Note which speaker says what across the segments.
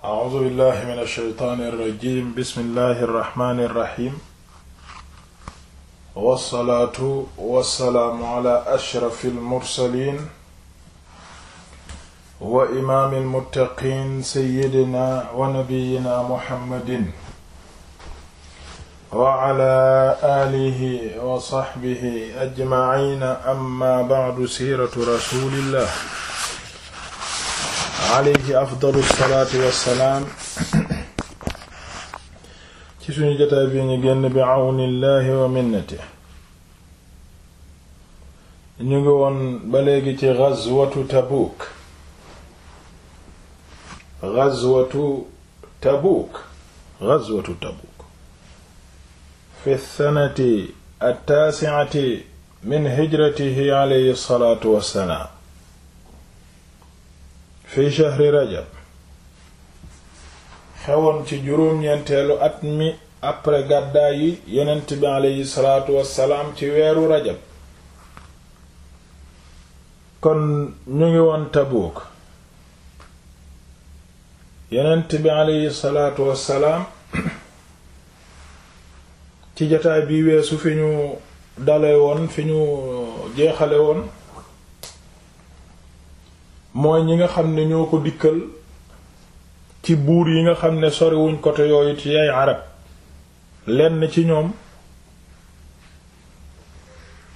Speaker 1: a'uuzu billahi min alsheytaan alrajim bismillahi arrahmani irrahim wassalaatu wassalaamu ala ashrafi almursalin wa imaami almuttaqiin sayyidina wa nabiyina muhammadin wa ala aalihi wa saxbihi ajmaciina amma bacdu siiratu rasulillah alayhi afdalu salaatu wassalaam ci suñu jotaay bi ñu génn bi àwnillaahi wa minnati ñu ngi woon ba léegi ci ghazwatu tabuuk ghazwatu tabuuk ghazwatu tabuuk fi sanati at-taasi'ati min hijratihi alayhi salaatu wassalaam fi shahri rajab xewoon ci juróom-ñeenteelu at mi après gàddaay yi yonent bi aleyhi salaatu wassalaam ci weeru rajab kon ñu ngi woon Tabuuk yonent bi aleyhi salaatu wassalaam ci jotaay bii weesu fi ñu dale woon fi ñu jeexale woon mooy ñi nga xam ne ñoo ko dikkal ci buur yi nga xam ne soriwuñ côté yooyu ci ay arab lenn ci ñoom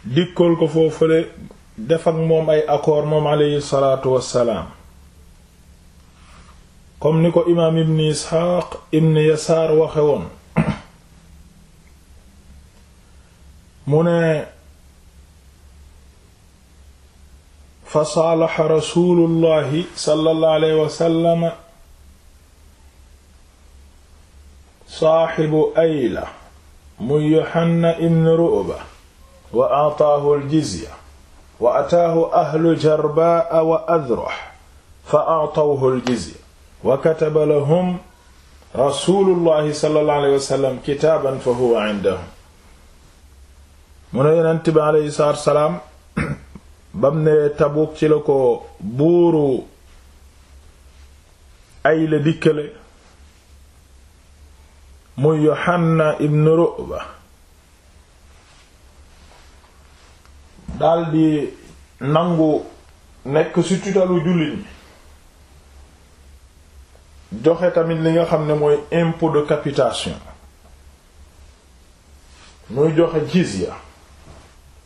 Speaker 1: dikkal ko foofale def ak moom ay accord moom aleyhi salaatu wassalaam comme ni ko imaam ibn isxaaq ibn yasaar waxe woon mu ne fa saalaxa rasulullahi sallallahu alayhi wasallam saaxibu ayla muy yohanna ibn ru'ba wa aataahu aljizya wa ataahu ahlu jarbaa wa adrox fa aatawhu aljizya wa kataba lahum rasulullahi sallallahu alayhi wasallam kitaaban fa huwa indahum mu ne yonent bi alayhi salaatu wa salaam bam ne Tabuk ci la ko buuru ay la dikkale muy Yohanna ibn Ru'ba daldi nangu nekk ci tutalu jullit ñi joxe tamit li nga xam ne mooy impôt de capitation muy joxe jizya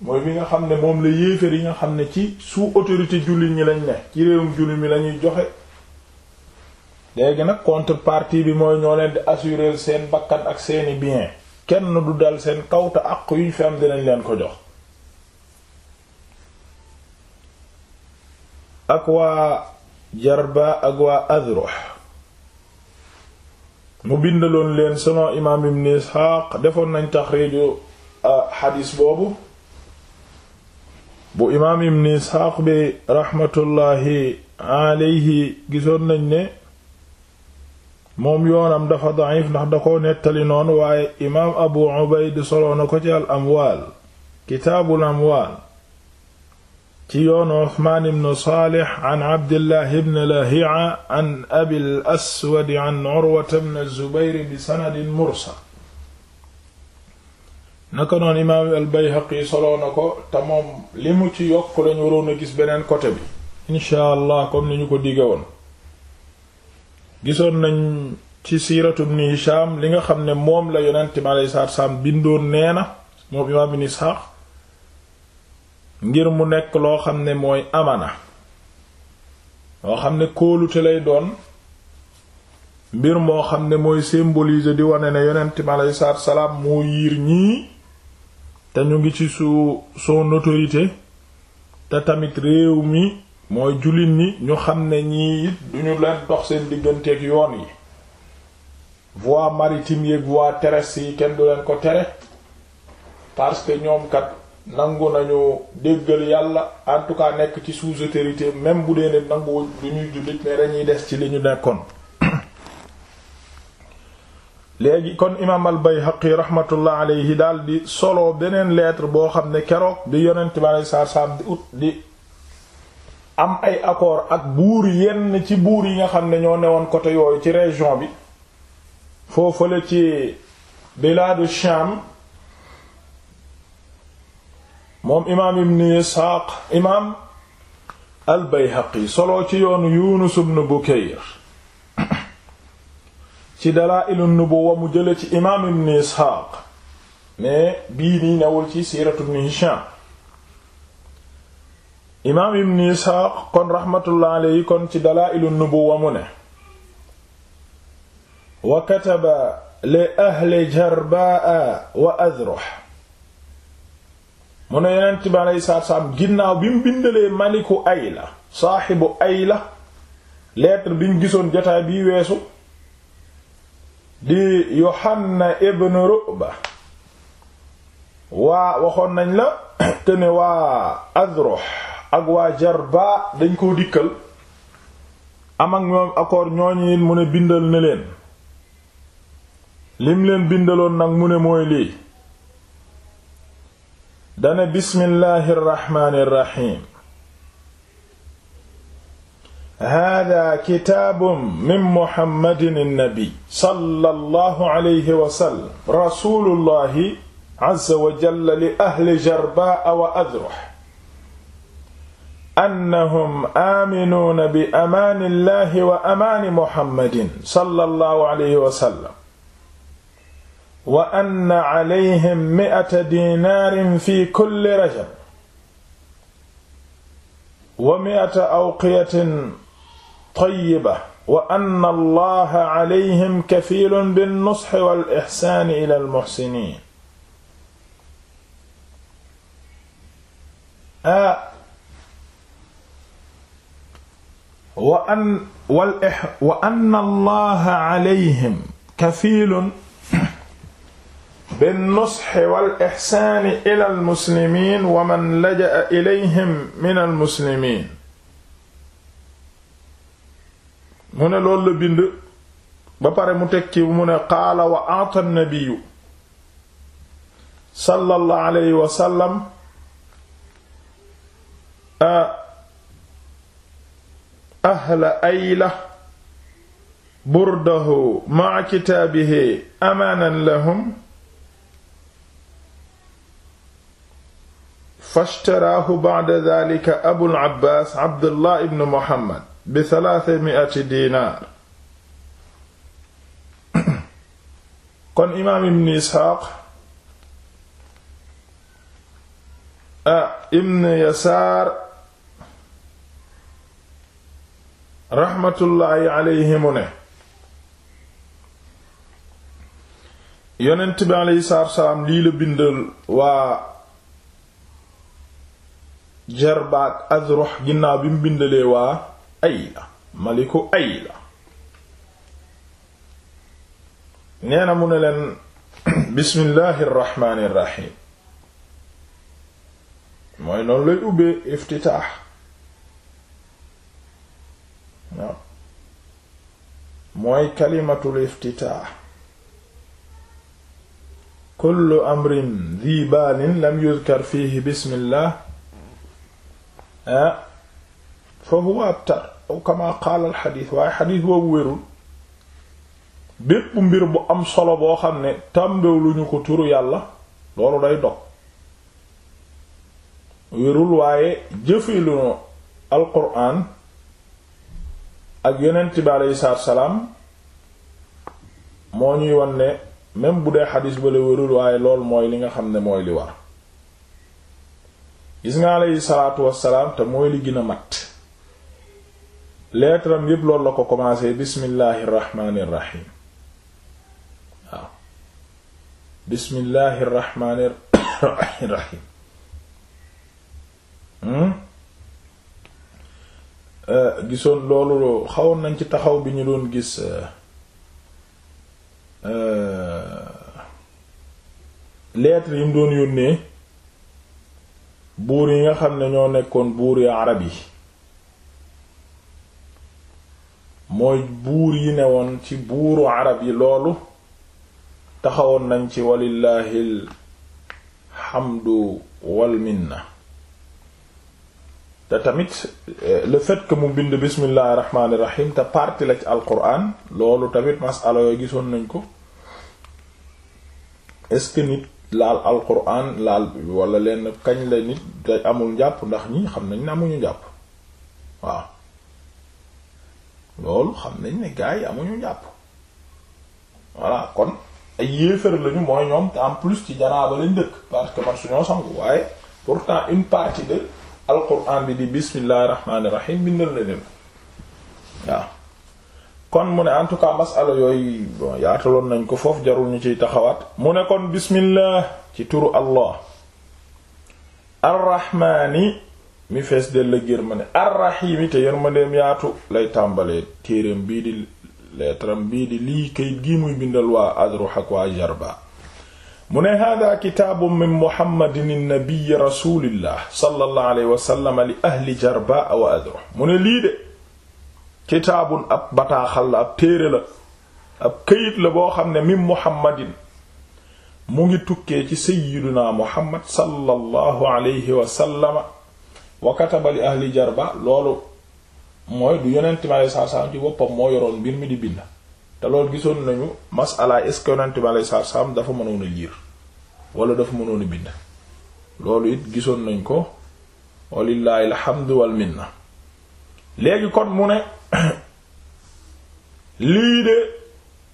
Speaker 1: mooy bi nga xam ne moom la yéeféer yi nga xam ne ci sous autorité jullit ñi lañ ne ci réewum jullit mi lañuy joxe léegi nag contrepartie bi mooy ñoo leen di assurer seen bakkan ak seeni bien kenn du dal seen kaw te àq yuñ dinañ leen ko jox ak waa Jarba ak waa Azruh mu bindaloon leen selon imaam Ibn Ishaq defoon nañ a euh, xadiis boobu bu imaam ibn isxaaq bi raxmatullaahi aleyhi gisoon nañ ne moom yoonam dafa dacif ndax da ko nettali noonu waaye imaam abu ubayd soloo na ko ci al amwaal kitaabul amwaal ci yoonu usmaan ibn saalix an abdillahi ibn lahi'a an abil aswad an urwata ibn zubayr bi sanadin mursal naka noonu imaam al-Bayhaqi soloo na ko te moom li mu ci yokk lañu waroon a gis beneen côté bi incha allah comme ko dige woon gisoon nañ ci siiratu ibn Hisham li nga xam ne moom la yonent mi alayhi salaatu salaam bindoon nee na moom imaam ibn Ishaq ngir mu nekk loo xam ne mooy amana loo xam ne kóolute lay doon mbir moo xam ne mooy symboliser di wane ne yonent mi alayhi salaatu salaam moo yiir ñii dañu ngi ci su son autorité te tamit réew mi mooy jullit ñi ñu xam ne ñii duñu leen dox seen digganteek yoon yi voie maritime yeeg voie terrestre yi kenn du leen ko tere parce que ñoom kat nangu nañu déggal yàlla en tout cas nekk ci sous autorité même bu dee ne nangu du ñuy jullit mais dañuy des ci li ñu nekkoon léegi kon imaam al-Bayhaqi rahmatullah alayhi daal di solo beneen leetre boo xam ne keroog di yonent bi alayhi salaatu ut di am ay accord ak buur yenn ci buur yi nga xam ne ñoo newoon côté yooyu ci région bi foofu foofale ci bilaadu Sham moom imaam ibn Isxaaq imaam al solo ci yoonu Yunus ibn Bukayr ci dalaa'ilun nubuwwa mu jële ci imaam ibn isxaaq mais bii nii newul ci siiratu ibn hisham imaam ibn isxaaq kon raxmatullah alayhi kon ci dalaa'ilun nubuwwa mu ne wa kataba li ahli jarbaa wa azroh mu ne yonent bi aleyhi salaam ginnaaw bi mu bindalee maliku ayla saaxibu ayla lettre bi gisoon jotaay bii weesu di Yohanna ibn Ru'ba waa waxoon nañ la te ne waa Azruh ak waa Jarba dañ ko dikkal am ak ñoom accord ñooñu mu ne bindal ne leen lim leen bindaloon nag mu ne mooy lii dane bismillaahir hada kitaabun min muhammadin annabi sallallahu alayhi wa sallam rasulullahi azza wa jalla li ahli jarbaa wa adruh annahum aaminuuna bi amaani llahi wa amaani muhammadin sallallahu alayhi wa sallam wa anna calayhim mi'ata diinaarin fi kulli rajab wa mi'ata awqiyatin tayyiba wa anna allaha alayhim kafiilun bin-nushi wal ihsaani ilal muhsiniin wa an wa anna allaha alayhim kafiilun bin-nushi wal ihsaani ilal muslimiin wa man laja'a ilayhim minal muslimiin mu ne loolu la bind ba pare mu tekki mu ne qaala wa ata nabiyu sallallahu alayhi wa sallam ahla ayla burdahu ma'a kitaabihi amaanan lahum fashtaraahu ba'da dhaalika abul abbaas abdullah ibn muhammad bi salaase miati diinaar kon imaam ibn isxaaq a ibn yasaar raxmatullaahi alayhi mu ne yonent bi alayhi salaam lii la bindal waa jarbaak azrox ginnaaw bi mu bindalee waa ayla maliku ayla nee na mu ne leen bismillahi rrahmani rrahim mooy noonu lay ubbee iftitaax mooy kalimatul iftitaax kullu amrin dhi baalin lam yuzkar fihi bismillah ah. fa huwa abtar aw kama qaala xadiis waaye xadiis boobu wérul bépp mbir bu am solo boo xam ne tàmbew lu ñu ko turu yàlla loolu day dog wérul waaye jëfee lu nu al quraan ak yonent bi aleyhi salaatu salaam moo ñuy wan ne même bu dee xadis ba la wérul waaye lool mooy li nga xam ne mooy li war gis nga aleyhi salaatu wassalaam te mooy li gën a mat lettre am yépp loolu la ko commencé bismillahi irrahmani irrahim waaw bismillahi irrahmani irrahim hmm? euh, gisoon loolu xawoon nañ ci taxaw bi ñu doon gis euh, euh, lettre yi mu doon yónnee buur yi nga xam ne ñoo nekkoon buur yu arab yi mooy buur yi ne woon ci buuru arab yi loolu taxawoon nañ ci walillahil hamdu wal minna te tamit eh, le fait que mu bind bismillahi rahmaani rahim te parti la ci alquran loolu tamit masala yoo gisoon nañ ko est-ce que nit laal alquran laal wala leen kañ la nit day amul njàpp ndax ñi xam nañ ne amuñu njàpp waaw loolu xam nañ ne gars yi amuñu jàpp voilà kon ay yéefar lañu mooy ñoom te en plus ci janaaba lañ dëkk parce que man suñoo sangu waaye pourtant une partie de alquran bi di bismillahi rahmaani rahim bindal na leen waaw kon mu ne en tout cas masala yooyu yaataloon nañ ko foofu jarul ñu ciy taxawaat mu ne kon bismillah ci turu allah arrahmaani mi fees della gërmande arraxiimi te yërmandeem yaatu lay tàmbalee téereem bii di leetaram lii kayit gii muy bindal waa adruh ak waa jarba mu ne hada kitaabu min muhammadin nabiy rasulillah sallallahu alayhi wa sallam mu ne lii de kitaabun ab bataaxal la ab téere la ab kayit la boo xam ne min muhammadin mu ngi tukkee ci sayyiduna muhammad sallallahu alayhi wa wa kataba li ahli jarba loolu mooy du yonent bi aleyhi salaatu ci boppam moo yoroon mbir mi di bind te loolu gisoon nañu masala est-ce que yonent bi aleyhi salaatu salaam dafa mënoon a liir wala dafa mënoon a bind loolu it gisoon nañ ko walillahi alhamdu wal minna léegi kon mu ne lii de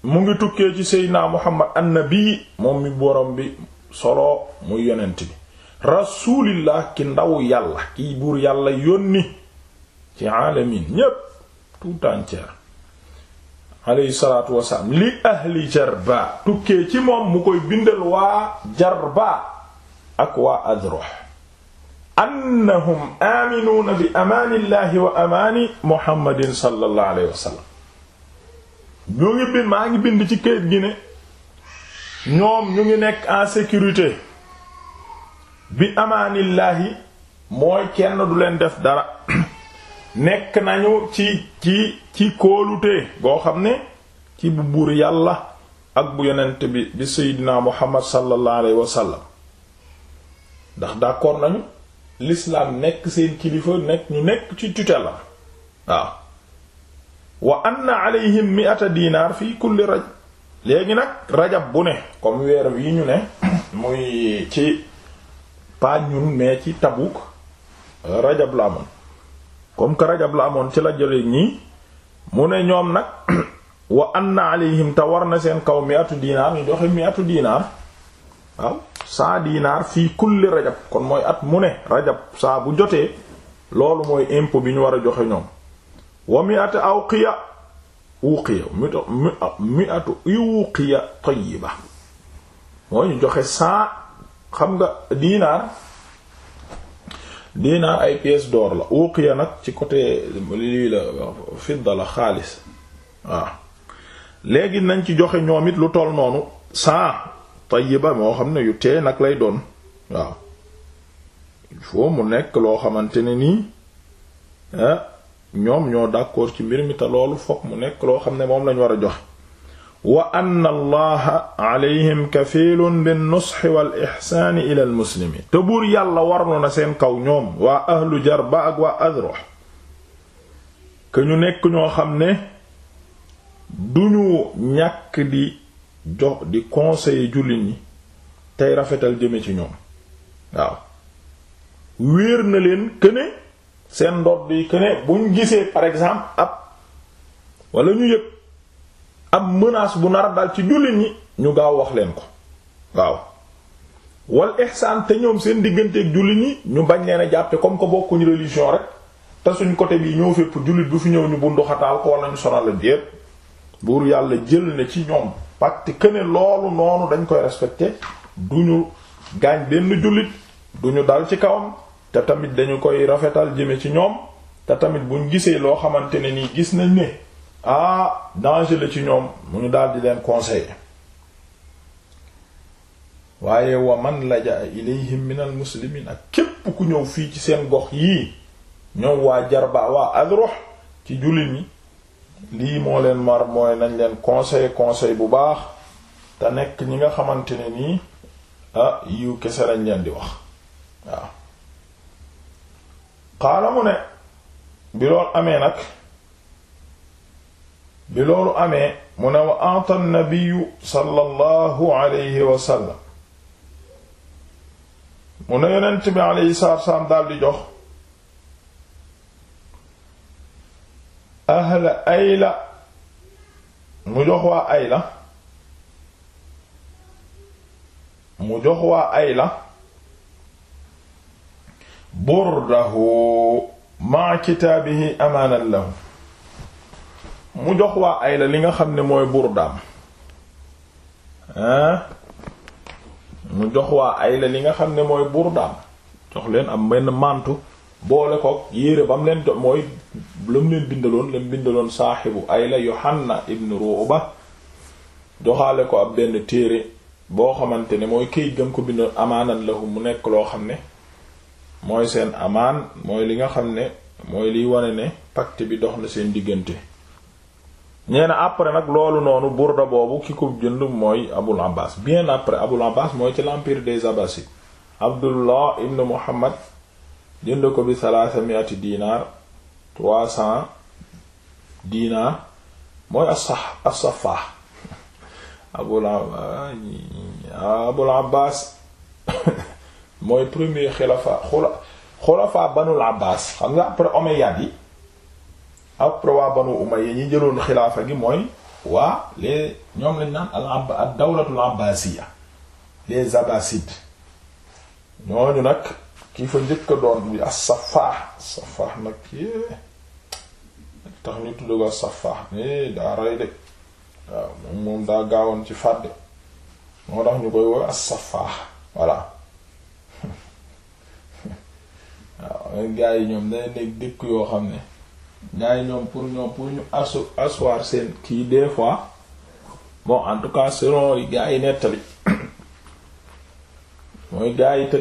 Speaker 1: mu ngi tukkee ci seydinaa muhammad annabi moom mi borom bi solo muy yonent bi rasulillah ki ndaw yàlla kiy buur yàlla yónni ci alamin ñépp tout entier alayhi salaatu wasalaam li ahli jarba tukkee ci moom mu koy bindal waa jarba ak waa adrox annahum aaminuuna bi amaanillahi wa amaani muhammadin sallallahu alayhi wa ñu ngi bind maa ngi bind ci kayit gi ne ñoom ñu ngi nekk en sécurité bi amaanillaahi mooy kenn du leen def dara nekk nañu ci ci ci kóolute goo xam ne ci bu buur yàlla ak bu yonent bi bi seydinaa muhammad sallallahu alayhi wa sallam ndax d'accord nañu l'islam nekk seen kilifa nekk ñu nekk ci tutelle la waaw wa anna alayhim mi'ata diinaar fii kulli raj léegi nag rajab bu ne comme weer wi ñu ne muy ci pas ñun mais ci Tabuk euh, rajab la amoon comme que rajab la amoon ci la jële ñii mu ne ñoom nag wa anna alayhim te war na seen kaw mi atu dinaar ñu joxe mi atu dinaar waaw saa dinaar fii kulli rajab kon mooy at mu ne rajab saa bu jotee loolu mooy impôt bi ñu war a joxe ñoom wa mi atu awqiya uqiya mi atu iwqiya tayyiba mooy ñu joxe saa xam nga dinaar dinaar ay pièces door la uqiya nag ci côté lii la fidda la xaalis waaw léegi nañ ci joxe ñoom it lu toll noonu cent tayyiba moo xam ne yu tee nag lay doon waaw il mu nekk loo xamante ne nii ah, ñoom ñoo d'accord ci mbir mi te loolu fokk mu nekk loo xam ne moom lañ war a jox wa anna allaha alayhim kafiilun bin nusxi wal ixsaani ilal muslimiin te buur yàlla warlu na seen kaw ñoom waa ahlu jarba ak waa adrox que ñu nekk ñoo xam ne duñu ñàkk di jox di conseiller jullit ñi tey rafetal jëme ci ñoom waaw wéer na leen këne seen ndodd yi këne buñ gisee par exemple ab wala ñu yëg am menace bu nar dal ci jullit ñi ñu gaaw wax leen ko waaw ñoom seen digganteeg jullit ñi ñu bañ leen a comme que bokkuñu religion rek te suñ côté bii ñoo fépp jullit bu fi ñëw ñu bunduxataal ko wala ñu sonal la jéet buur yàlla jël ne ci ñoom parce que loolu noonu dañ koy respecté duñu gaañ benn jullit duñu dal ci kawam te tamit dañu koy rafetal jëme ci ñoom te tamit buñ gisee loo xamante ne nii gis nañ ne ah danger ci ñoom mu ñu daal di leen conseiller waaye wa man laja ilayhim min al muslimin ak képp ku ñëw fii ci seen gox yii ñoom waa jarba waa adrox ci jullit ñi lii moo leen mar mooy nañ leen conseil conseil bu baax te nekk ñi nga xamante ne nii ah yiw kese lañ leen di wax waaw xaala mu ne bi lool amee nag bi loolu amee mu ne wa a'ta an-nabiyyu sallallahu alayhi wa sallam mu ne yonent bi alayhi salaatu wa salaam daldi jox ahla ayla mu jox waa ayla mu jox waa ayla burdahu ma'a kitaabihi amaanan lahu mu jox waa Ayla li nga xam ne mooy burdaam ah mu jox waa Ayla li nga xam ne mooy burdaam jox leen am benn mantu boole ko yére ba mu leen mooy lu mu leen bindaloon leen bindaloon saaxibu Ayla Yohanna ibn Ruuba joxaale ko ab benn téere boo xamante ne mooy këyit gam ko bindoon amaanan la mu nekk loo xam ne mooy seen amaan mooy li nga xam ne mooy liy wane ne pacte bi dox na seen diggante nee na après nag loolu noonu burda boobu ki ko mooy Abul Abbas bien après Abul Abbas mooy ci l'empire des Abbassides Abdullah ibn Muhammad jënd ko bi salaasa miati dinar trois cents dinar mooy as-sah as-saffah Abul Abul mooy premier xulafa xulafa banul Abbas xam nga après Omeyyades yi après waa banu umayya ñi jëloon xilaafa gi mooy waa les ñoom lañ naan al ad dawlatul abbasiya les abbasides ñooñu nag ki fa njëkk a doon bi as-saffaax saffaax nag tax ñu tudd ko saffaax ni daa rey de waaw moom daa gaawoon ci fàdde moo tax ñu koy woo as-saffaax voilà waaw gars yi ñoom day nekk dëkk yoo xam ne gars yi ñoom pour ñoom pour ñu asu asseoir seen kii des fois bon en tout cas selon yi gars yi nettali mooy gars yi te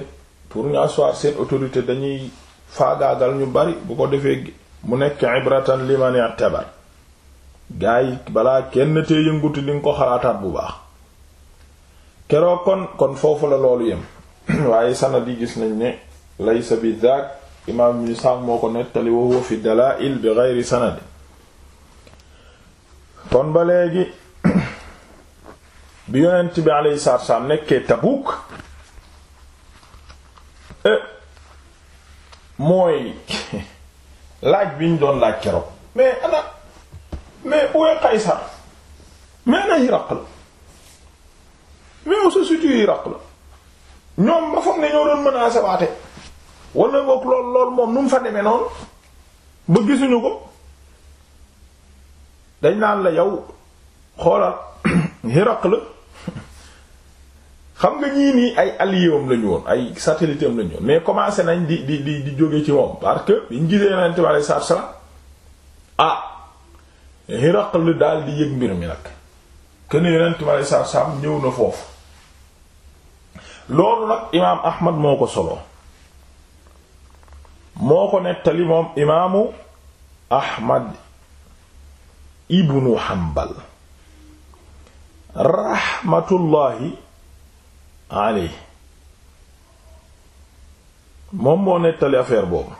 Speaker 1: pour ñu asseoir seen autorité dañuy faagaagal ñu bari bu ko defee mu nekk ibratan liman i'tabar gars yi balaa kenn te yënguti di nga ko xalaataat bu baax keroog kon kon foofu la loolu yem waaye sanad yi gis nañ ne laysa bi zaak imaam ibn Isxaaq moo ko nettali wa huwa fi dalaa'il bi ghayri sanad kon ba léegi bi yonent bi alayhi salaatu nekkee Tabuuk eh, mooy laaj biñ ñu doon laaj keroog mais ana mais où est Qaysar mais ana Hiraql mais où se ñoom ba foog ne ñoo doon menacer waate wala ngoog loolu lool moom nu mu fa demee noonu ba gisuñu ko dañ naan la yow xoolal la xam nga ñii nii ay alliés am lañu woon ay satellite am lañu woon mais commencé nañ di di di di jóge ci moom parce que biñ gisee Yonent bi alayhi salaatu salaam ah Hiraql daal di yëg mbir mi nag kenn Yonent bi alayhi salaatu salaam ñëw na foofu loolu nag imaam Ahmad moo ko solo. moo ko nettali moom imaamu ahmad ibnu hanbal rahmatullahi aley moom moo nettali affaire boobu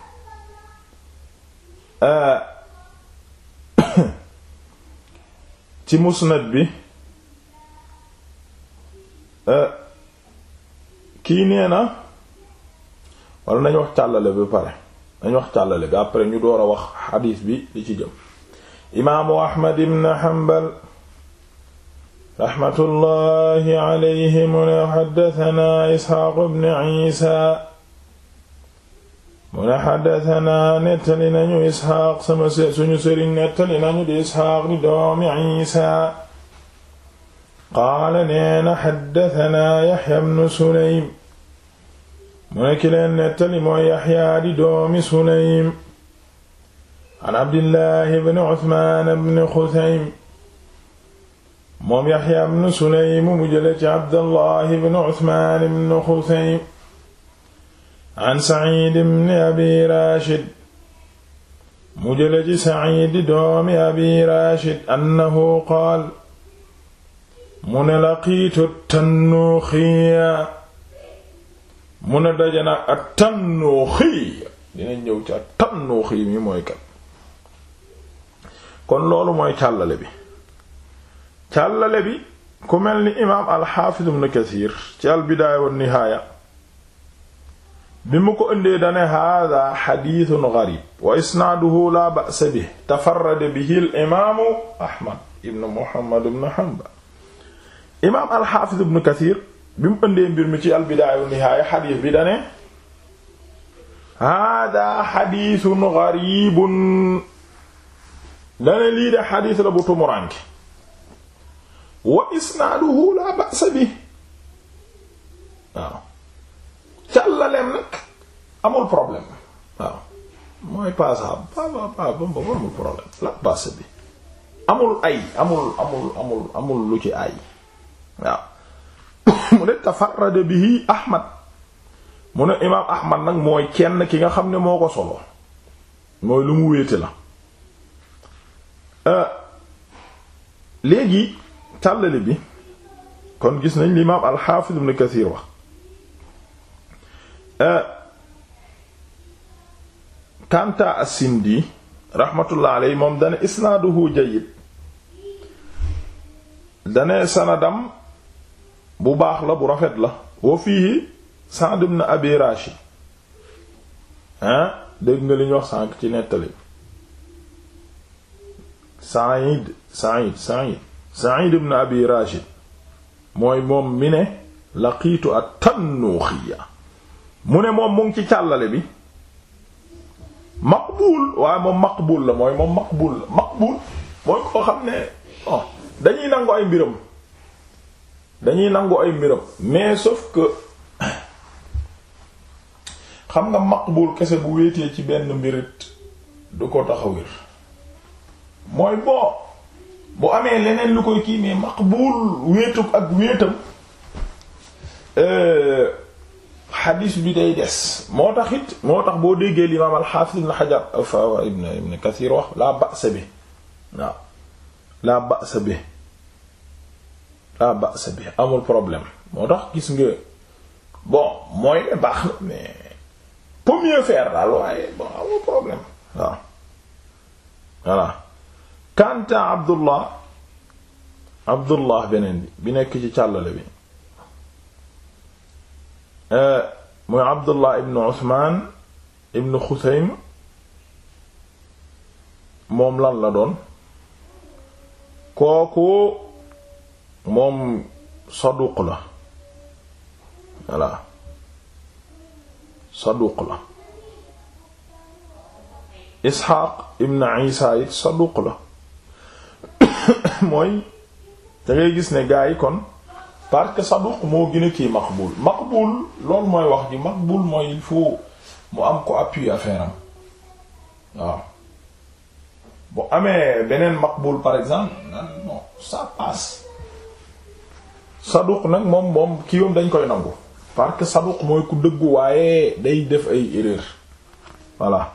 Speaker 1: ci musnad bi eh, kii nee na wala nañu wax càllale ba pare dañ wax càllale bi après ñu door a wax xadiis bi li ci jëm imaamu ahmad ibn hanbal raxmatullahi alayhi mu ne xaddatanaa isxaaq ibn isa mu ne xaddatanaa nettali nañu isxaaq sama suñu sëriñ nettali nañu di isxaaq di doomi isa qaala nee na xaddatanaa yaxya ibn sulaym mu ne ki leen nettali mooy yaxyaa di doomi sulaym an abdillahi bni usmaan bni xusaym moom yaxya bnu sulaym mu jële ci abdallahi bni usmaan bni xusaym an sacid bni abi rashid mu jële ci sacid di doomi abi rashid annahu qaal mu ne laqiitu tannuuxiya mun a daje nag ak tannuuxi dina ñëw ci ak tannuuxi mi mooy kat kon loolu mooy càllale bi càllale bi ku mel ni imaam alxaafiz ibn kasiir ci albidaaya wa nihaaya bi mu ko indee dane hada xadiisun garib wa isnaaduhu la ba'sa bi tafarrada bihi al imaamu ahmad ibn muhammad ibn hanbal imaam alxaafiz ibn kasiir bi mu ëndee mbir mi ci albidaaya wa nihaaya xadiis bi dane hàdda xadiisun gariibun dane lii de xadiis la bu tumuraanke wa isnaaduhu laa ba'sa bi waaw càllaleem nag amul problème amul problème laa ba'sa bi amul ay amul amul ci ay mu ne tafarrada bihi ahmad mu ne imaam ahmad nag mooy kenn ki nga xam ne moo ko solo mooy lu mu wéete la euh, léegi tàllale bi kon gis nañ li imaam alxaafiz ibn kathir wax kanta euh, as-sindi raxmatullah alayhi moom dana isnaaduhu jayyid dana sanadam bu baax la bu rafet la wa fii Sa'd ibn Abi Rashid ah dégg nga li ñu wax sànq ci nettali Sa'id Sa'id Sa'id na ibn Abi Rashid mooy moom mi ne laqiitu at-Tannuxiya mu ne moom mu ngi ci càllale bi maqbul waaye moom maqbul la mooy moom maqbul la mooy koo xam ne dañuy nangu ay mbiram dañuy nangu ay mbiram mais sauf que xam nga maqbul kese bu wéetee ci benn mbirit du ko tax a wér mooy boo bu amee leneen lu koy kii mais maqbul wéetu ak wéetam euh, xadiis bi day des moo tax it moo tax boo déggee limaam alxaafis ibn xajar fa euh, ibn ibn kathir wax laa ba'sa bi waaw laa ba'sa bi la ba'sa bi amul problème moo tax gis nga bon mooy ne baax na mais pour mieux faire daal waaye bon amul problème waaw voilà kanta abdullah abdullah beneen bi bi nekk ci càllale bi euh, mooy abdullah ibn usman ibn xuseym moom lan la doon kooku moom saduq la voilà saduq la Isxaaq ibn Isa it saduq la mooy dangay gis ne gaa yi kon parce que saduq moo gën kii maqbul maqbul loolu mooy wax ji maqbul mooy il faut mu am ko appui affaire waaw bu amee beneen maqbul par exemple non ça saduq nag moom moom kiiwam dañ koy nangu parce que saduq mooy ku dëggu waaye day def ay erreur voilà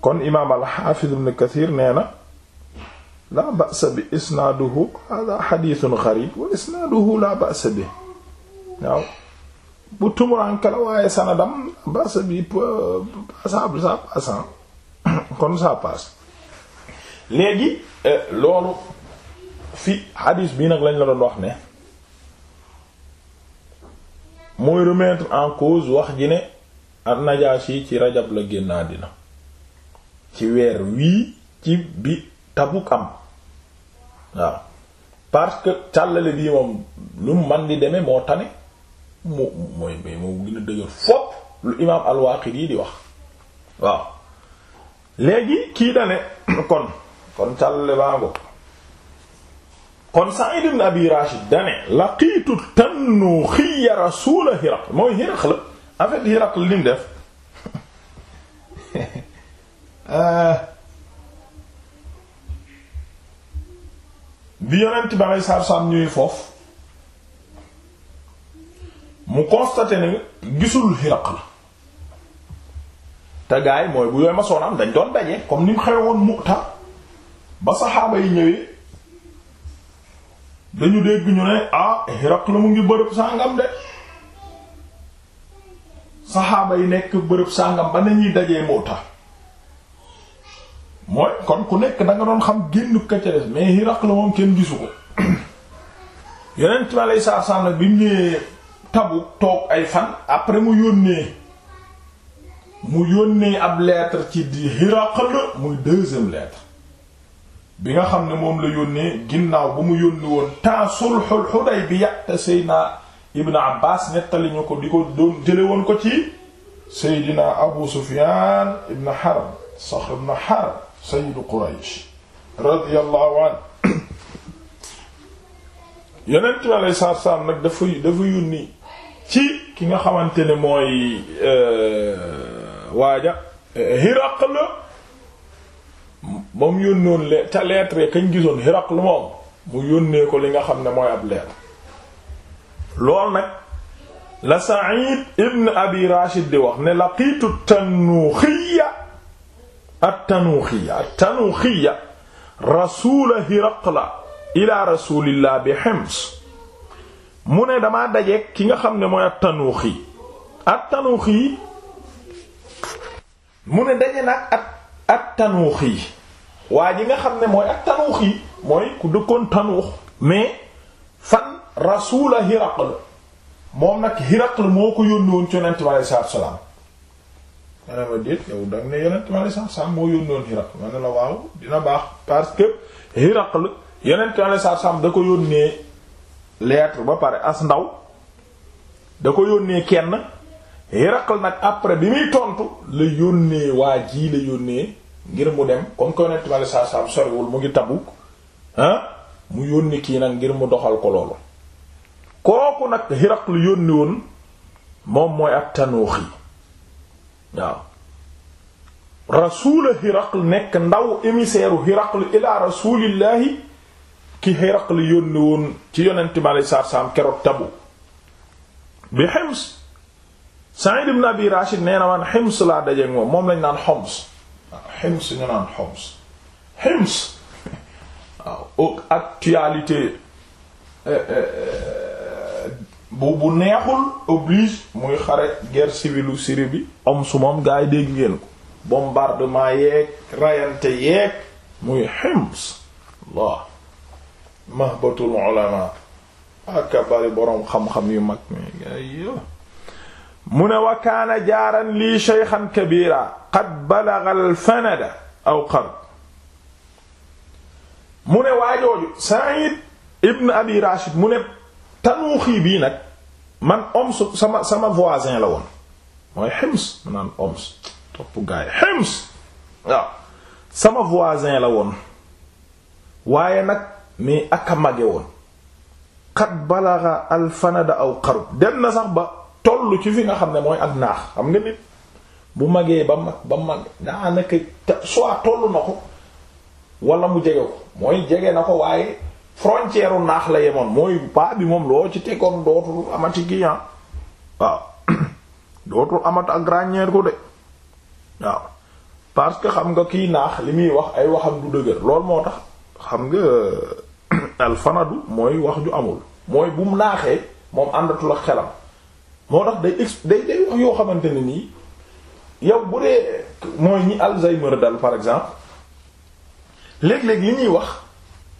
Speaker 1: kon imaam al-Hafiz Kathir nee na laa ba'sa bi isnaaduhu hada xadiisun xarib waaye sanadam ba'sa bi passable euh, ça passe kon ça passe léegi euh, loolu fi xadiis bii nag lañ la doon wax ne mooy remettre en cause wax ji ne ak yi ci rajab la génn àddina ci weer wii ci bi Tabuk am waaw parce que càllale bii moom lu man di deme moo tane mu mooy bay moo gën dëgër fopp lu imaam al yi di wax waaw léegi kii dane kon kon càllale baa ngo kon Sa'id ibn Abi Rashid dane laqiitu tannuxiya rasula Hiraql mooy Hiraql la en fait Hiraql li mu def euh, bi yonent ba ngay foofu mu constaté ne gisul Hiraql la te mooy bu yooy ma soon dañ doon daje comme ni mu xewe woon Mu'ta ba saxaaba yi ñëwee dañu dégg ñu ne ah Hiraql mu ngi bërëb sàngam de saxaaba yi nekk bërëb sàngam ba nañuy dajee Mouta mooy kon ku nekk da nga doon xam génn ka mais Hiraql moom kenn gisu ko yeneen ci wàllu saa sànn bi mu ñëwee tabu toog ay fan après mu yónnee mu yónnee ab lettre ci di Hiraql muy deuxième lettre. bi nga xam ne moom la yónnee ginnaaw bu mu yónni woon temps sulhul Hudaybiya te Seydina Ibn Abbas nettali ñu ko di ko doon jële woon ko ci Seydina Abu Sufyan Ibn Harb Sakhr Ibn Harb sayyidu Quraysh radiyallahu anhu yeneen ci wàllu saabsaab nag dafa dafa yónni ci ki nga xamante ne mooy euh, waaja ba mu yónnoon le ca lettre yónnee ko li nga xam ne mooy ab lettre loolu nag la Sa'id ibn Abi Rashid di wax ne laqiitu tanuuxiya at-tanuuxiya at-tanuuxiya rasuula Hiraqla ila rasulillah bi Hims mu ne damaa dajeek ki nga xam ne mooy at-tanuuxi at mu ne daje nag at at-tanuuxi waa ji nga xam ne mooy ak tanuux yi mooy ku dëkkoon tanuux mais fan rasuula Hiraql moom nag Hiraql moo ko yónni woon ci yonent bi alayhi salaatu wa salaam ma ne ma déet salaam moo yónni woon Hiraql ne la waaw dina baax parce que Hiraql yonent bi alayhi salaatu wa salaam da ko yónnee lettre ba pare as ndaw da ko yónnee kenn Hiraql nag après bi muy tontu la yónnee waa jii la yónnee. ngir mu dem comme que yonent ma la mu ngi Tabuk ah mu yónni kii nag ngir mu doxal ko loolu kooku nag Hiraqlu yónni woon moom mooy ak Tanuuxi waaw rasuula Hiraql nekk ndaw émissaire Hiraql ila rasuulillaahi ki Hiraql yónni woon ci yonent ma la saa saam bi Hims Sa'id ibn Abi Rashid nee na man Hims laa dajeek moom moom lañ naan Homs xims ñu naan xoms xims waaw actualité euh, euh, euh, bu bu neexul oblige muy xare guerre civilu Syrie bi om su moom gaa dégg ngeen ko bombardement yeeg rayante yeeg muy xims Allah mahbatul ulama aka bari boroom xam-xam yu mag mi gaa yi mu ne wa kaana jaaran lii shaykhan kabira qad balagha al-fanada aw qarb mu ne waajooju Sa'id ibn Abi Rashid mu ne tanuuxii bii nag man Homs sama sama voisin la woon mooy Hims mu naan Homs topp gaay Hims sama voisin la woon waaye nag mais ak a mage woon qad balagha al-fanada aw qarb dem na sax ba toll ci fi nga xam ne mooy ak naax xam nga nit bu magee ba mag ba mag daanaka soit toll na ko wala mu jege ko mooy jege na ko waaye frontière u naax la yemoon mooy paa bi moom loo ci tegoon dootul amati gi ah waaw dootul amat ak ràññeer ko de waaw parce que xam nga kiy naax li muy wax ay waxam du dëgër lool moo tax xam nga alfanadu mooy wax ju amul mooy bum naaxee moom àndatul ak xelam moo tax day ex day day wax yoo xamante ne nii yow bu dee mooy ñi Alzheimer dal par exemple léeg-léeg li ñuy wax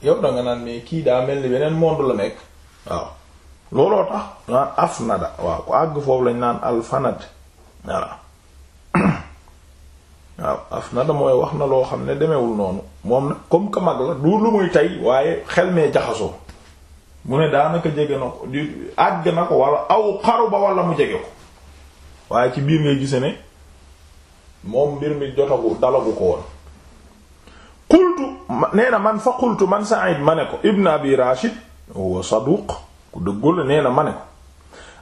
Speaker 1: yow danga naan mais kii daa mel ni beneen monde la nekk waaw looloo tax naan afnada waaw àgg foofu lañ naan alfanad voilà waaw afnada mooy wax na loo xam ne demewul noonu moom nag comme que mag la du lu muy tey waaye xel mee jaxasoo mu ne daanaka jege na ko àgg wala aw xaru wala mu jege ko waaye ci biir ngay gise ne moom mbir mi jotagu dalagu ko woon qultu nee man fa qultu man Sa'id ma ne ko ibn abi Rashid huwa saduq ku dëggul nee na ma ne ko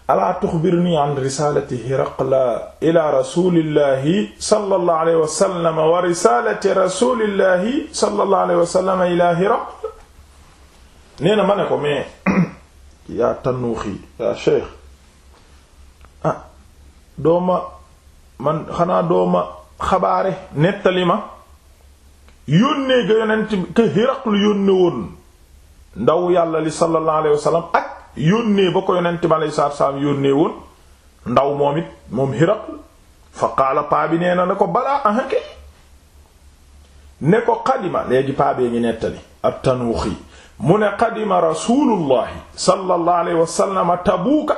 Speaker 1: alaa tuxbirnii an risalati Hiraqla ila rasulillahi sallallahu alayhi wa wa risalati rasulillahi sallallahu alayhi wa ila Hiraqla nee na ma ne ko mais yaa tanuuxi yaa cheikh ah dooma man xanaa dooma xabaare nettali ma yónnee ga yonent ka Hiraqlu yónne woon ndaw yàlla li sallallahu alayhi wasallam ak yónnee ba ko yonent bi alayhi salaatu salaam yónnee woon ndaw moom it moom Hiraqlu fa qaala paa bi nee na ne ko balaa ahake ne ko xadima léegi paa bee ngi nettali ab tanuuxi mu ne qadima rasulullahi sallallahu alayhi wa sallam tabuuka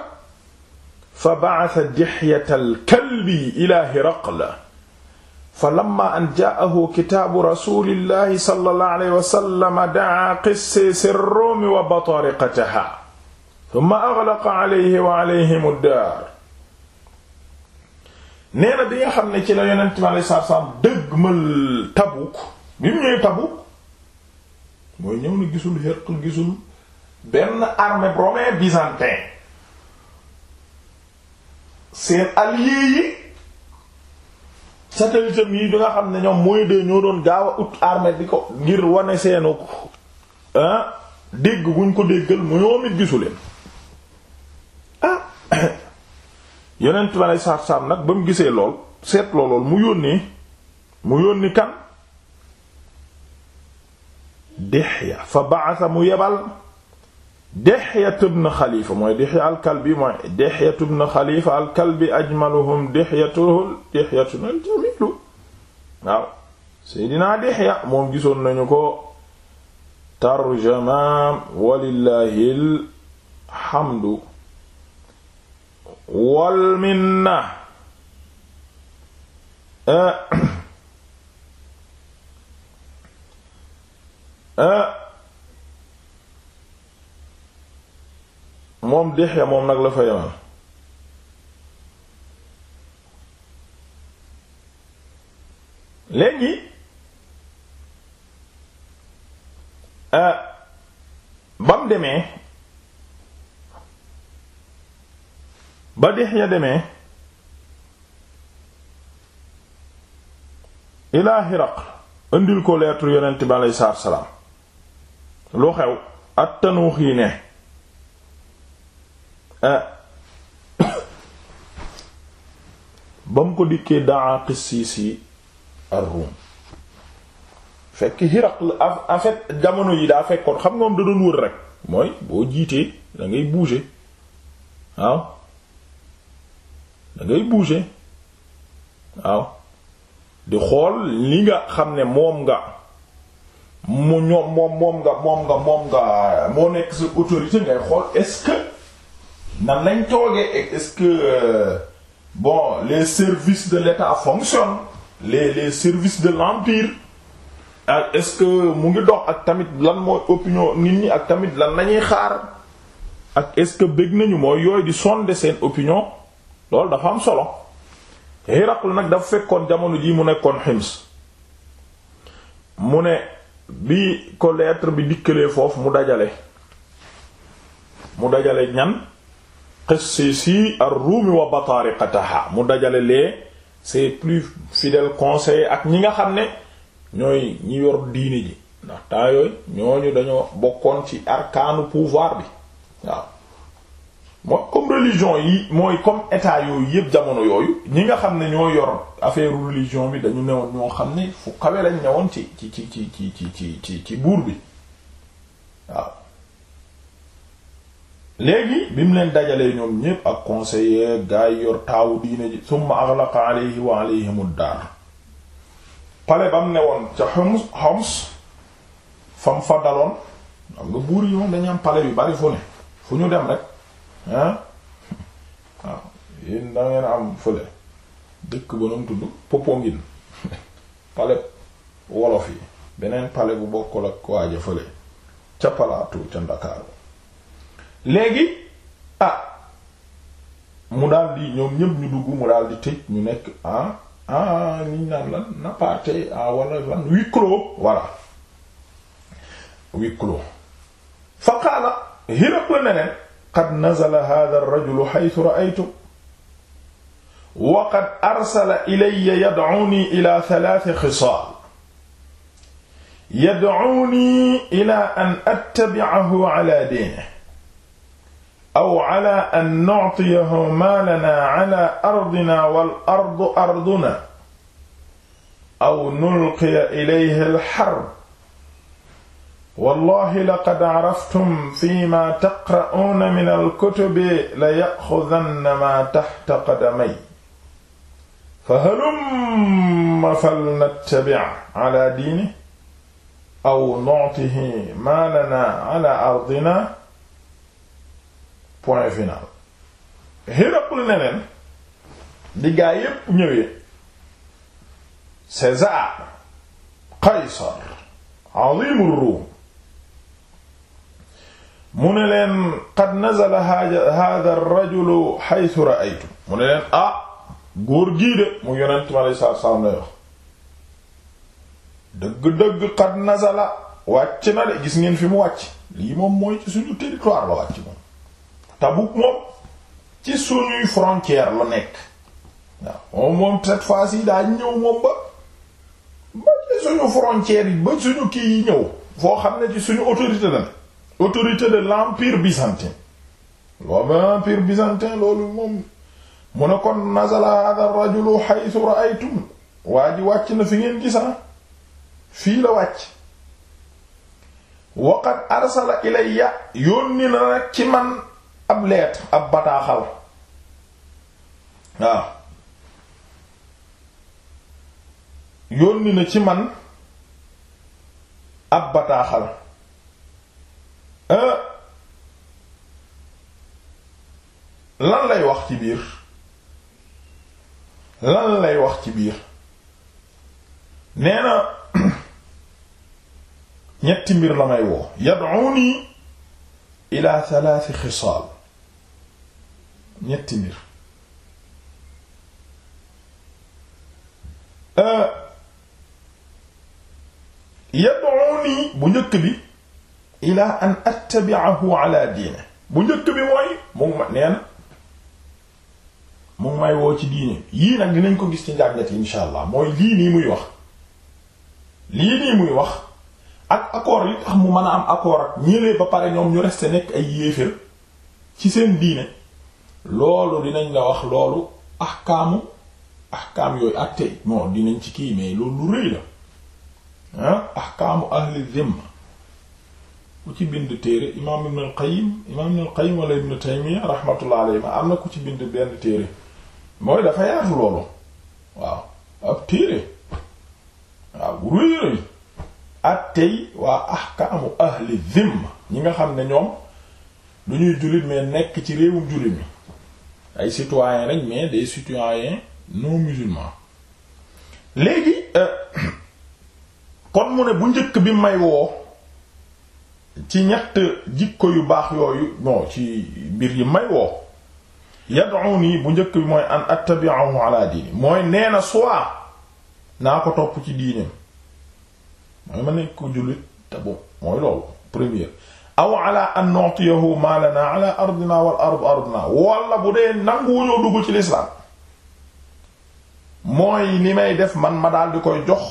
Speaker 1: fa ba'atha dihyata al-kalbi ila hiraqla falamma an jaa'ahu kitaabu rasulillahi sallallahu alayhi wa sallam da'a qissis ar-rum wa batariqataha thumma aghlaqa alayhi wa alayhim ad-daar nee na bi nga xam ne ci la yonent mi alayhi salaam dëgmal Tabuk bi mu ñëwee Tabuk mooy ñëw na gisul Hercule gisul benn armée romain byzantin seen allié yi satellite yi bi xam ne ñoom mooy de ñoo doon gaaw a ut armée bi ko ngir wane seenu ah dégg guñ ko déggal mu ñoom it gisu leen ah yonent ma lay saar nag ba mu gisee lool seetloo lool mu yónnee mu yónni kan Dihya fa ba'atha mu yebal Dihya ibn Xalifa mooy Dihya al-Kalbi mooy Dihya ibn Xalifa al-Kalbi ajmaluhum Dihyatuhu Dihyatun al-Jamilu waaw Seydina Dihya moom gisoon nañu ko tarjamaam walillahil hamdu wal minna eh, Ah. moom Dihya moom nag la fa yemal léegi ah, ba mu demee ba Dihya demee ilaa Hiraql indil ko lettre yonent bi aleyhi salaatu lu xew at-Tanuuxi ne ah, ba mu ko dikkee daa Qissiisi ar-Ruum fekk Hiraql en jamono yi daa fekkoon xam nga moom da doon wër rek mooy boo jiitee da ngay bouger waaw da ngay waaw di xool li nga xam ne moom nga mu ñoom moom moom nga moom nga moom nga moo nekk sa autorité ngay xool est-ce que nan lañ toogee est-ce que euh, bon les services de l'État fonctionnent les les services de l'empire ak est-ce que mu ngi dox ak tamit lan mooy opinion nit ñi ak tamit lan lañuy xaar ak est-ce que bëgg nañu mooy yooyu di sonder seen opinion loolu dafa am solo Hiraql nag dafa fekkoon jamono ji mu nekkoon Hims mu ne bi ko lettre bi dikkalee foofu mu dajale mu dajale ñan qissisi ar-Rumi wa batariqataha mu dajale lee ses plus fidèles conseillers ak ñi nga xam ne ñooy ñi yor diini ji ndax temps yooyu ñooñu dañoo bokkoon ci arkaanu pouvoir bi waaw mooy comme religion yi mooy comme état yooyu yëpp jamono yooyu ñi nga xam ne ñoo yor affaire religion bi dañu newoon ñoo xam ne fu kawe lañ newoon ci ci ci ci ci ci ci ci buur bi waaw léegi bi mu leen dajalee ñoom ñépp ak conseiller gaay yor taawu diine ji summa aghlaqa alayhi wa alayhim ad-dar pale bam ne woon ca Homs Homs fam fa daloon xam nga buur yi moom dañu am pale yu bari fu ne fu ñu dem rek ah waaw am fële dëkk ba nu mu tudd Popenguine palais wolof yi beneen palais bu bokkul ak waaja fële ca Plateau ca Ndakaaru léegi ah mu daldi ñoom ñépp ñu dugg mu di tëj ñu nekk ah ah niñ naan lan nappaate ah wala lan huis clos voilà huis clos fa qaala neneen qad nazala hadha ar-rajulu haythu ra'aytum wa qad arsala ilayya yad'uni ila thalath khisaal yad'uni ila an attabi'ahu ala dinihi aw ala an nu'tiyahu maalana ala ardina wal ardu arduna aw nulqiya ilayhi al-harb wallahi laqad caraftum fi ma taqra'uuna min alkutubi la yaxudanna ma taxta qadamay fa halumma falnattabic ala diini aw nuctihi maa lana ala ardina point final Hiraql ne leen di gaa yépp ñëwee César Qaysar azimu Ruum mu ne leen qad nazala hada rajulu xaytu raaytu mu ne leen ah góor gii de mu yonent mi aleyhi salaatu salaam lay wax dëgg-dëgg qad nazala wàcc na de gis ngeen fi mu wàcc lii moom mooy ci suñu territoire la wàcc moom Tabuk moom ci suñuy frontière la nekk waaw moom moom cette fois-ci daa ñëw moom ba ba ci suñu frontière yi ba suñu kii yi ñëw foo xam ne ci suñu autorité na autorité de l'empire byzantin loolu empire byzantin loolu moom mu ne kon nazala hadha rajulu haythu ra'aytum waa ji wàcc na fi ngeen gis ah, fii la wàcc wa qad arsala ilayya yónni na nag ci man ab leet ab bataaxal waaw yónni na ci man ab bataaxal Euh, lan lay wax ci biir lan lay wax ci biir nee ñetti mbir la may woo yad'uni ila thalath xisaal ñetti mbir euh, yad'uni bu njëkk bi ila an attabi'ahu ala diine bu njëkk bi mooy mu ma nee na may woo ci diine yii nag dinañ ko gis ci njàngat yi insha allah mooy lii nii muy wax lii nii muy wax ak accord yi tax mu mën a am accord ak ñëlee ba pare ñoom ñu reste nekk ay yéeféer ci seen diine loolu dinañ la wax loolu ahkaamu ahkaam yooyu àtte kii mais loolu la ah ahkaamu ahli dhimma ku ci bind téere imaam ibn al imaam ibn al-Qayyim wala ibn rahmatullah alayhi ma am na ku ci bind benn téere mooy dafa yaatu loolu waaw ab téere waaw bu rëy rëy waa ahkaamu ahli dhimma ñi nga xam ne ñoom du ñuy jullit mais nekk ci réewum jullit mi ay citoyens rek mais des citoyens non musulmans léegi euh, kon mu ne bu njëkk bi may woo ci ñett jikko yu baax yooyu bon ci mbir yi may woo yad'uni bu njëkk bi mooy an attabi'ahu ala diini mooy nee na soit naa ko topp ci diineem mooy ma nekk jullit te bon mooy loolu première aw ala an nu'tiyahu ma lana ala ardina arduna wala bu dee nanguwuñoo dugg ci lislaam mooy ni may def man ma daal di koy jox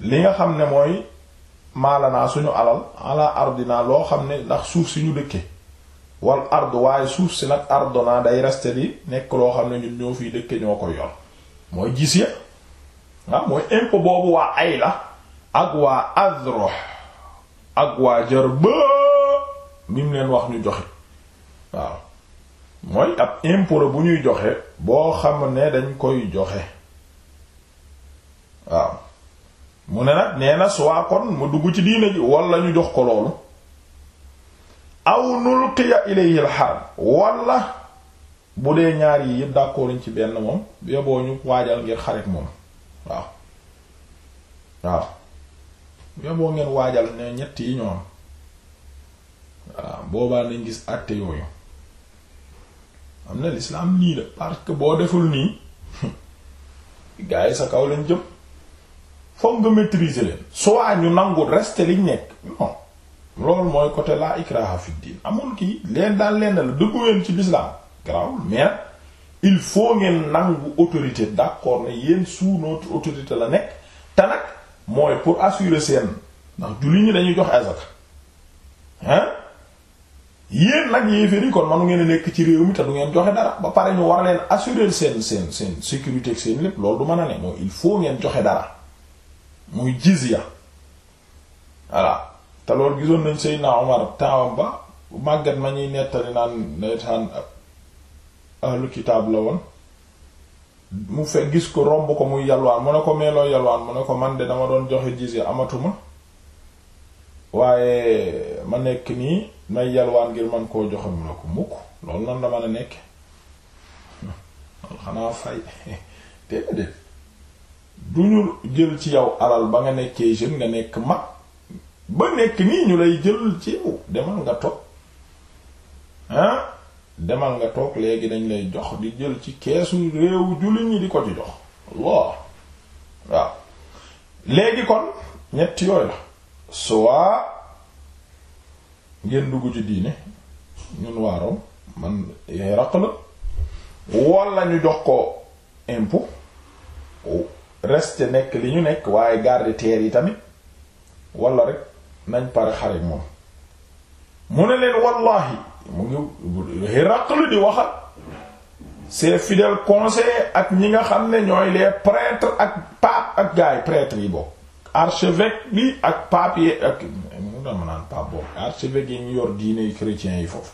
Speaker 1: li nga xam ne mooy maalanaa suñu alal ala ardina loo xam ne ndax suuf si ñu dëkke wal ard waaye suuf si nag ardona day reste di nekk loo xam ne ñun ñoo fiy dëkke ñoo ko yor mooy gis ya ah mooy impôt boobu waa Ayla ak waa Azroh ak waa Jarba mi mu leen wax ñu joxe waaw mooy ab impôt bu ñuy joxe boo xam ne dañ koy joxe waaw mu ne nag nee na suwaa mu dugg ci diine ji wala ñu jox ko loolu aw nulqiya ilayhi alxaram wala bu dee ñaar yi yëpp d'accord ci benn moom yoboo ñu waajal ngir xarit moom waaw waaw yoboo ngeen waajal ne ñett yi ñoo am waaw boobaa nañ gis àtte yooyu am na lislaam nii la parce que boo deful nii gaa yi sa kaw lañ jëm foog nga maîtriser leen soit ñu nangul rester liñ nekk non loolu mooy côté la ikraha fi diin amul kii leen daal leen la dëggu ngeen ci l'islam grawul mais il faut ngeen nangu autorité d'accord ne yéen sous notre autorité la nekk te nag mooy pour assurer seen ndax julli ñi dañuy jox azaka hein yéen nag yéeféer yi kon manu ngeen a ci réew mi te du ngeen joxe dara ba pare ñu war leen assurer seen seen seen sécurité ak seen lépp loolu du mën a ne il faut ngeen joxe dara muy jis voilà te loolu gisoon nañ Seydina Omar taawam ba màggat ma ñuy nettali naan netaan ahlu kitaab la woon mu fe gis ko romb ko muy yalwaan mu ne ko meeloo yalwaan mu ne ko man de dama doon joxe jizya amatuma waaye ma nekk nii may yalwaan ngir man koo joxe mu ne ko mukk loolu nan la mën a nekk loolu xanaa fay déedéet du ñu jël ci yow alal ba nga nekkee jeune nga nekk mag ba nekk nii ñu lay jël ci yow demal nga toog ah demal nga toog léegi dañ lay jox di jël ci keesu réewu jullit ñi di ko ci jox Allah waaw léegi kon ñett yooyu la soit ngeen dugg ci diine ñun waarom man yaay raq la walla ñu jox ko impôt reste nekk li ñu nekk waaye garde terre yi tamit wala rek nañ pare xarit moom mu ne leen wallahi mu ngi Héracle di waxal ses fidèles conseillers ak ñi nga xam ne ñooy les prêtres ak pape ak gaay prêtres yi bokk archevêque bi ak pape yi ak mu dama naan pape bokk archevêque yi ñu yor diine chrétiens yi foofu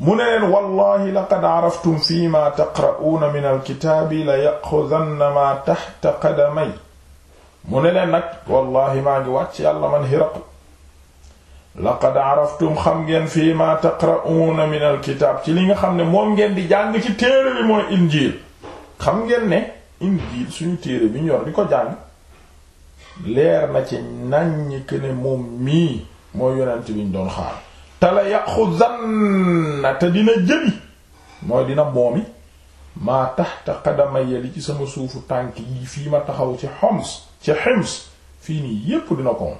Speaker 1: mu ne leen wallahi laqad araftum fi ma taqra'uuna min alkitaabi la yaxudanna maa taxta qadamay mu ne leen nag wallahi maa ngi wàcc yàlla man hiraqu laqad araftum xam ngeen fi ma taqra'uuna min alkitaab ci li nga xam ne moom ngeen di jàng ci téere bi mooy injiil xam ngeen ne injiil suñu téere bi ñu yor di ko jàng leer na ci naññ ke ne moom mii mooy yonent bi ñu doon xaar te la yaxudanna te dina jëli mooy dina moomi maa taxta qadamaya li ci sama suufu tànk yi fii ma taxaw ci xoms ci xims fii nii yépp dina ko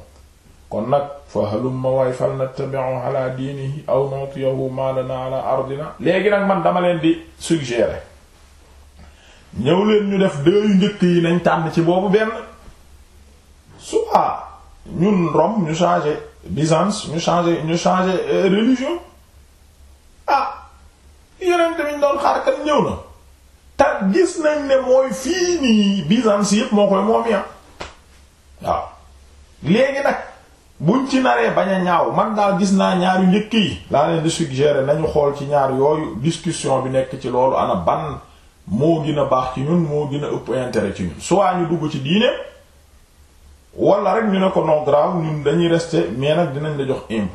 Speaker 1: kon nag fa halumma waay fal nattabi'u ala diinihi aw nutiyahu ma lana ala ardina léegi nag man dama leen di suggérer ñëw leen ñu def deux yu njëkk yi nañ tànn ci boobu benn suba ñun rom ñu changer Byzance ñu changé ñu changé euh, religion ah yeneen tamit doon xaar kat ñëw na te gis nañ ne mooy fii nii Byzance yëpp moo koy moom ya waaw léegi nag buñ ci naree bañ ñaaw man daal gis naa ñaari njëkk yi laa leen di suggérer nañu xool ci ñaar yooyu discussion bi nekk ci loolu ana ban moo gën a baax ci ñun moo gën a ëpp intérêt ci ñun soit ñu dugg ci diine wala rek ñu ne ko non grave ñun dañuy rester mais nag dinañ la jox impôt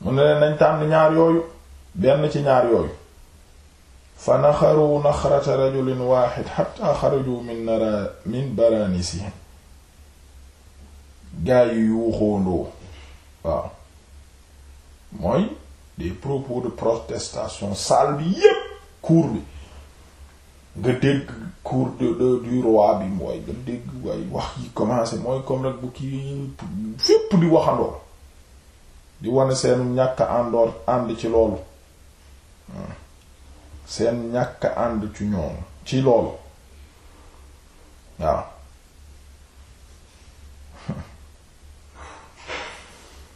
Speaker 1: mu ne leen nañ tànn ñaar yooyu benn ci ñaar yooyu fa naxaru naxrata rajulin waaxid xatta xaraju min nara min baranisihim gaa yi yuuxoondoo waaw mooy des propos de protestation sale bi yépp cour bi nga dégg cour de du roi bi mooy nga dégg waaye wax yi commencé mooy comme rek bu kii fépp di waxandoo di wane seen ñàkk àndoor ànd ci loolu hmm. seen ñàkk ànd ci ñoom ci loolu waaw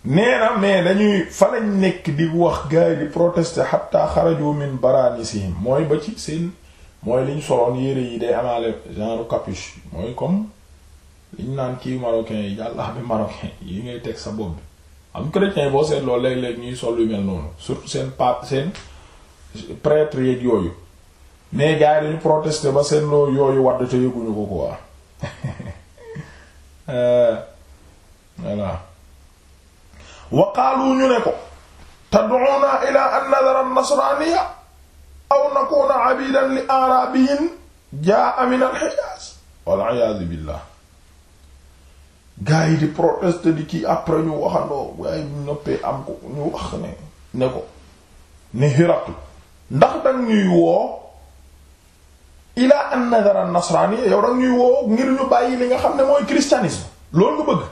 Speaker 1: nee na mais dañuy fa lañ nekk di wax gaay di protester xatta xaraju min baranisihim mooy ba ci seen mooy liñ soloon yére yi day amaale genre capuche mooy comme liñ naan kii marocain yi yàlla bi marocain yi ngay teg sa bopp bi am chrétien yi boo seetloo léeg-léeg ñuy sol yu mel noonu surtout seen pape seen prêtre yeeg yooyu mais gars yi dañu ba seen loo yooyu wadd te yëguñu ko quoi euh, voilà waqaalu ñu ne ko tad'una ila an nadhara an-nasraniya aw nakuuna abidan li arabiyin jaa min al Hijaaz wal billah gaa yi di proteste di kii après ñu waxandoo waaye ñu noppee am ko ñu wax ne ne ko ne Hiraql ndax dang ñuy woo ilaa an nadara nasraani yow dang ñuy woo ngir ñu bàyyi li nga xam ne mooy christianisme loolu nga bëgg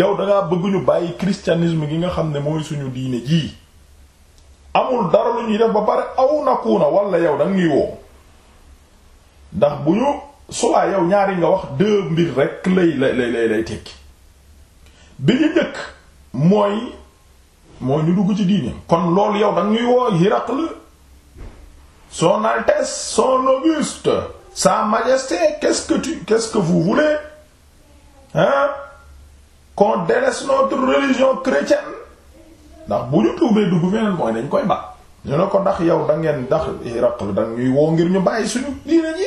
Speaker 1: yow dangaa bëgg ñu bàyyi christianisme gi nga xam ne mooy suñu diine jii amul dara lu ñuy def ba pare aw nakuuna walla yow da ñuy woo ndax bu ñu suwaa yow ñaari nga wax deux mbir rek lay lay lay tekki bi ñu njëkk mooy mooy ñu dugg ci diine kon loolu yow da ñuy woo Hiraqle son altesse son auguste sa majesté qu'est-ce que tu quest hein qu'on délaisse religion ndax bu ñu tuubee dugg feneen mooy dañ koy ba ñu ne ko ndax yow da ngeen ndax Hiraql da ñuy woo ngir ñu bàyyi suñu diina ji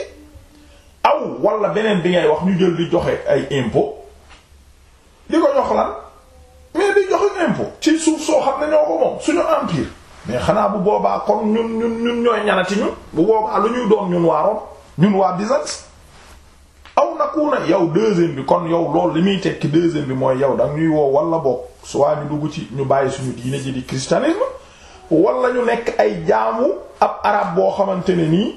Speaker 1: aw wala beneen bi ngay wax ñu jël di joxe ay impôt di ko jox lan mais di joxe impôt ci suuf soo xam ne ñoo ko moom suñu empire mais xanaa bu boobaa kon ñun ñun ñun ñooy ñanati ñun bu boobaa lu ñuy doon ñun waa Rome ñun waa Byzance aw naku na yow deuxième bi kon yow loolu li muy tekki deuxième bi mooy yow da ñuy woo wala bokk soit ñu dugg ci ñu bàyyi suñu diine ji di christianisme wala ñu nekk ay jaamu ab arab boo xamante ne nii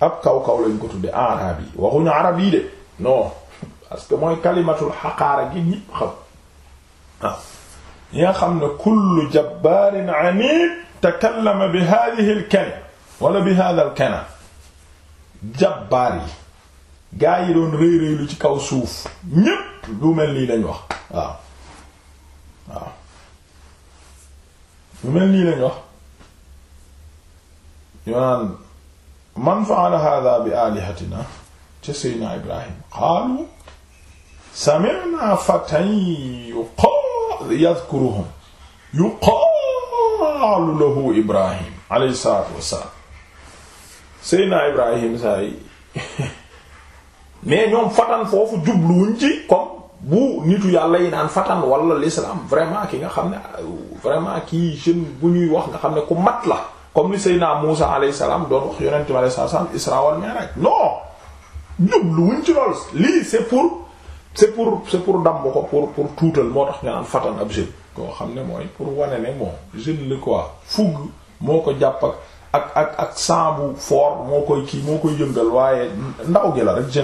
Speaker 1: ab kaw kaw lañ ko tudde arab yi waxuñu arab yi de non parce que mooy kalimatul xaqaara gi ñépp xam waaw nga xam ne kullu jabbaarin anid takallama bi hadhihi al kalima wala bi hadha al jabbaar yi gaa yi doon réy réylu ci kaw suuf ñépp lu mel nii lañ wax waaw lu mel nii lañ wax ñu naan man fa'ala hadha bi alihatina ca seydna ibrahim qaalu sami'na fatan yuqaalu yadhkuruhum yuqaalu lahu ibrahim alayhi salaatu wassalaam seydna ibrahim saa yi mais ñoom fatan foofu jubluwuñ ci comme bu nitu yàlla yi naan fatan wala l'islam vraiment ki nga xam ne vraiment kii jeune bu ñuy wax nga xam ne ku mat la comme li Seydina Muusa alayhi salaam doon wax yonente bi alayhi salaam Isra wal Mi'raj non jubluwuñ ci lool lii c'est pour c'est pour c'est pour damb ko pour pour tuutal moo tax nga naan fatan ab jeune koo xam ne mooy pour wane ne bon jeune la quoi fugg moo ko jàpp ak ak ak ak saabu fort moo koy kii moo koy yëngal waaye ndaw gi la rek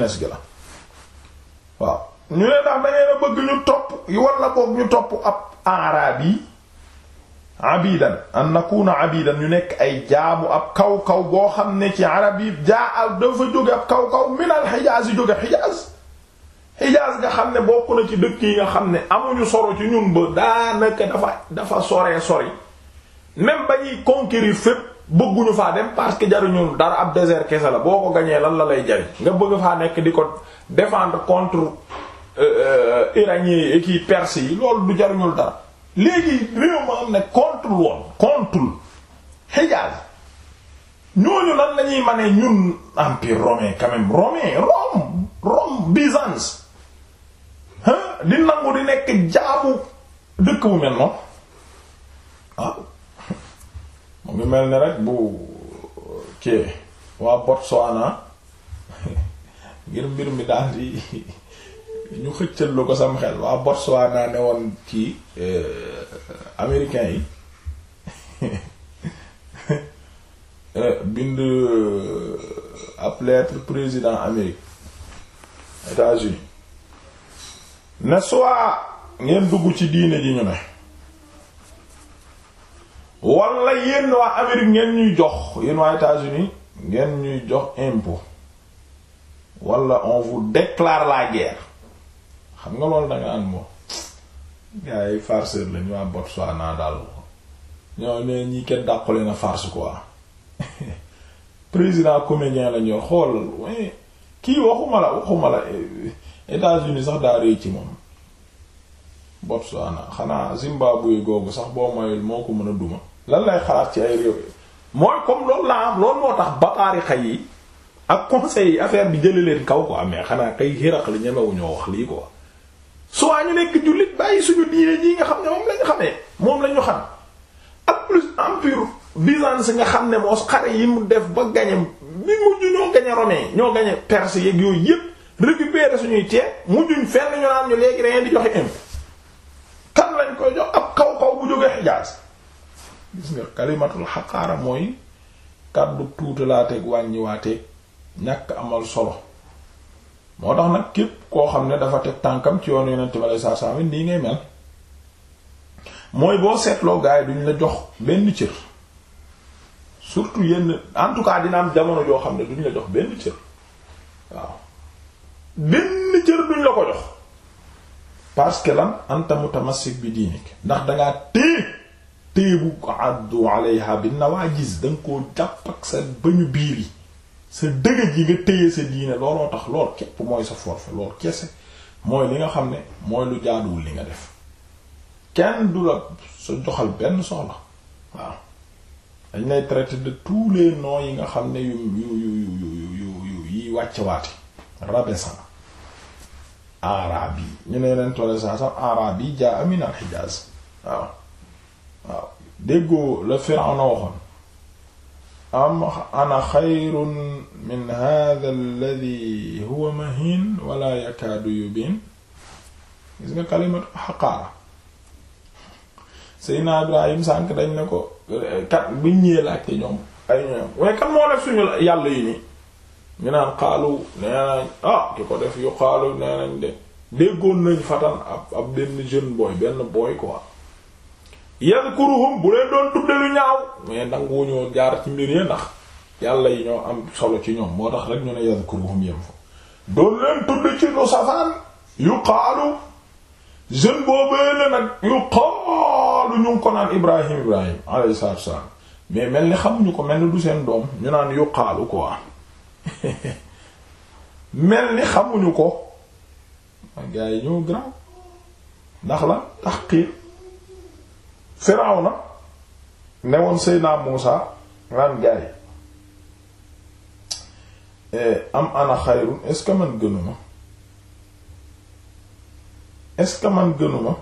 Speaker 1: la ñu ne ndax da ngeen a bëgg ñu topp walla boog ñu topp ab araab yi abidan an nakuna abidan ñu nekk ay jaamu ab kaw kaw boo xam ne ci arab yi jaa al dafa jóge ab kaw kaw minal xijaaz yi jóge xijaaz xijaaz nga xam ne bokk na ci dëkk yi nga xam ne amuñu soro ci ñun ba daanaka dafa dafa soree yi même ba ñuy conquérir fépp bëgguñu faa dem parce que jaruñu dara ab désert kese la boo ko gañee lan la lay jari nga bëgg faa nekk di ko défendre contre Euh, euh, euh, iraniens yi kii perse yi loolu du jaruñul dara léegi réew ma am ne contre woon contre Hijaz ñooñu lan la mane ñun empire romain quand même Rome Byzance di nangu di nekk jaamu dëkk bu mel noonu ah. mu ngi mel ne rek bu kii waa Botswana ngir mbir mi daal di ñu xëccal lu ko sam xel waa Botswana ne woon kii euh, américain yi bind euh, ab lettre président Amérique États-Unis ne soit ngeen dugg ci diine ji ñu ne wala yéen waa Amérique ngeen ñuy jox yéen waa États-Unis ngeen ñuy jox impôt wala on vous déclare la guerre xam nga loolu danga am moom gars yi farceur lañu waa Botswana daal ñoo ne ñi kenn dàqule na farce quoi président comédien la ñoo xool kii waxuma la waxuma la eh, États-Unis sax daa rëy ci moom Botswana xanaa Zimbabwe googu sax boo mayul moo ko mën a duma lan lay xalaat ci ay réew mooy comme loolu laa am loolu moo tax bataarixa yi ak conseil yi affaire bi jëlee leen kaw ko amee xanaa kay xiraq li ñemewuñoo wax lii ko soit ñu nekk jullit bàyyi suñu diine jii nga xam ne moom lañu xamee moom lañu xam ak plus empire Byzance nga xam ne moo xare yi mu def ba gañe bi mujj ñoo gañe romain ñoo gañe perse yeeg yooyu yépp récupérer suñuy teeb mujjuñ fenn ñu naan ñu léegi dañu di joxe impôt kan lañ koy jox ab kaw kaw bu jógee Hijaaz gis nga kalimatul xaqaara mooy kàddu tuutalaateeg wàññiwaateeg ñàkk amal solo moo tax nag képp koo xam ne dafa te tànkam ci yoonu yonent bi aleyhi salaatu salaam nii ngay mel mooy boo seetloo gars yi duñ la jox benn cër surtout yenn en tout cas dina am jamono joo xam ne duñ la jox benn cër waaw benn cër duñ la ko jox parce que lan anta mutamassik bi diinik ndax dangaa téye téye ko àddu alayha bin nawajiz danga koo jàpp ak sa bañu biir yi sa dëgëj yi nga téye sa diine looloo tax lool képp mooy sa forfait lool kese mooy li nga xam ne mooy lu jaaduwul li nga def kenn du la sa joxal benn soxla waaw dañ lay traiter de tous les noms yi nga xam ne yu yu yu yu yu yi wàcce waati rabaissant araab yi ñu ne leen toll sax araab yi jaa amin al Hijaaz waaw waaw déggoo la Firawna waxoon am ana xayrun min hada alladi huwa mahin wala yakaadu yubin gis nga kalimatu xaqaara Seydina Ibrahim sànk dañ ne ko kat biñ ñëwee laajte ñoom ay ñoom waaye kan moo def suñu yàlla yi nii ñu naan xaalu nee ah ki ko def yu xaalu nee de déggoon nañ fatan ab ab benn jeune boy benn boy quoi yadhkuruhum bu leen doon tudde lu ñaaw mais nangu ñoo jaar ci mbir yi ndax yàlla yi ñoo am solo ci ñoom moo tax rek ñu ne yadhkuruhum yem fa doon leen tudd ci lu safaan yuqaalu jeune boobee la nag yuqaalu ñu ngi ko naan Ibrahim Ibrahim mais mel ni xamuñu ko mel ni du seen doom ñu naan yuqaalu quoi mel ni xamuñu ko gaa yi ñoo grand ndax la taxqiir Firawna ne woon Seydina Muusa naan gaay eh, am ana xayrun est-ce que man gënuma est-ce man gënuma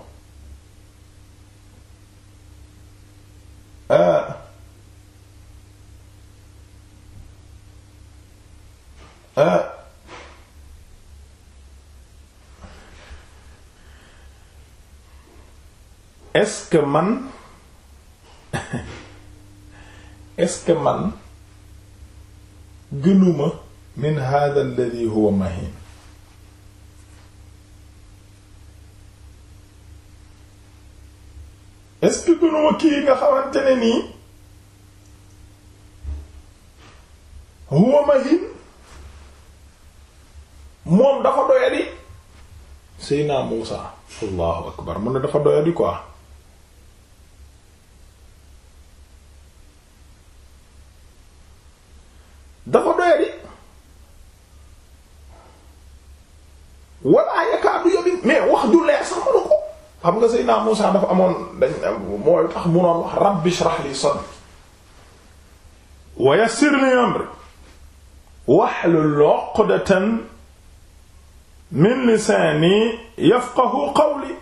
Speaker 1: est man est-ce que man gënuma min hadha alladhi huwa mahin est gënuma kii nga xamante ne nii huwa mahin moom dafa doyadi Seyna Muusa allahu akbar mun na dafa doyadi quoi nga Seydina Muusaa dafa amoon dañ mooy tax munoon wax rabbi shrah li sadri wa yassir li amri wahlul uqdatan min lisaani yafqahu qawli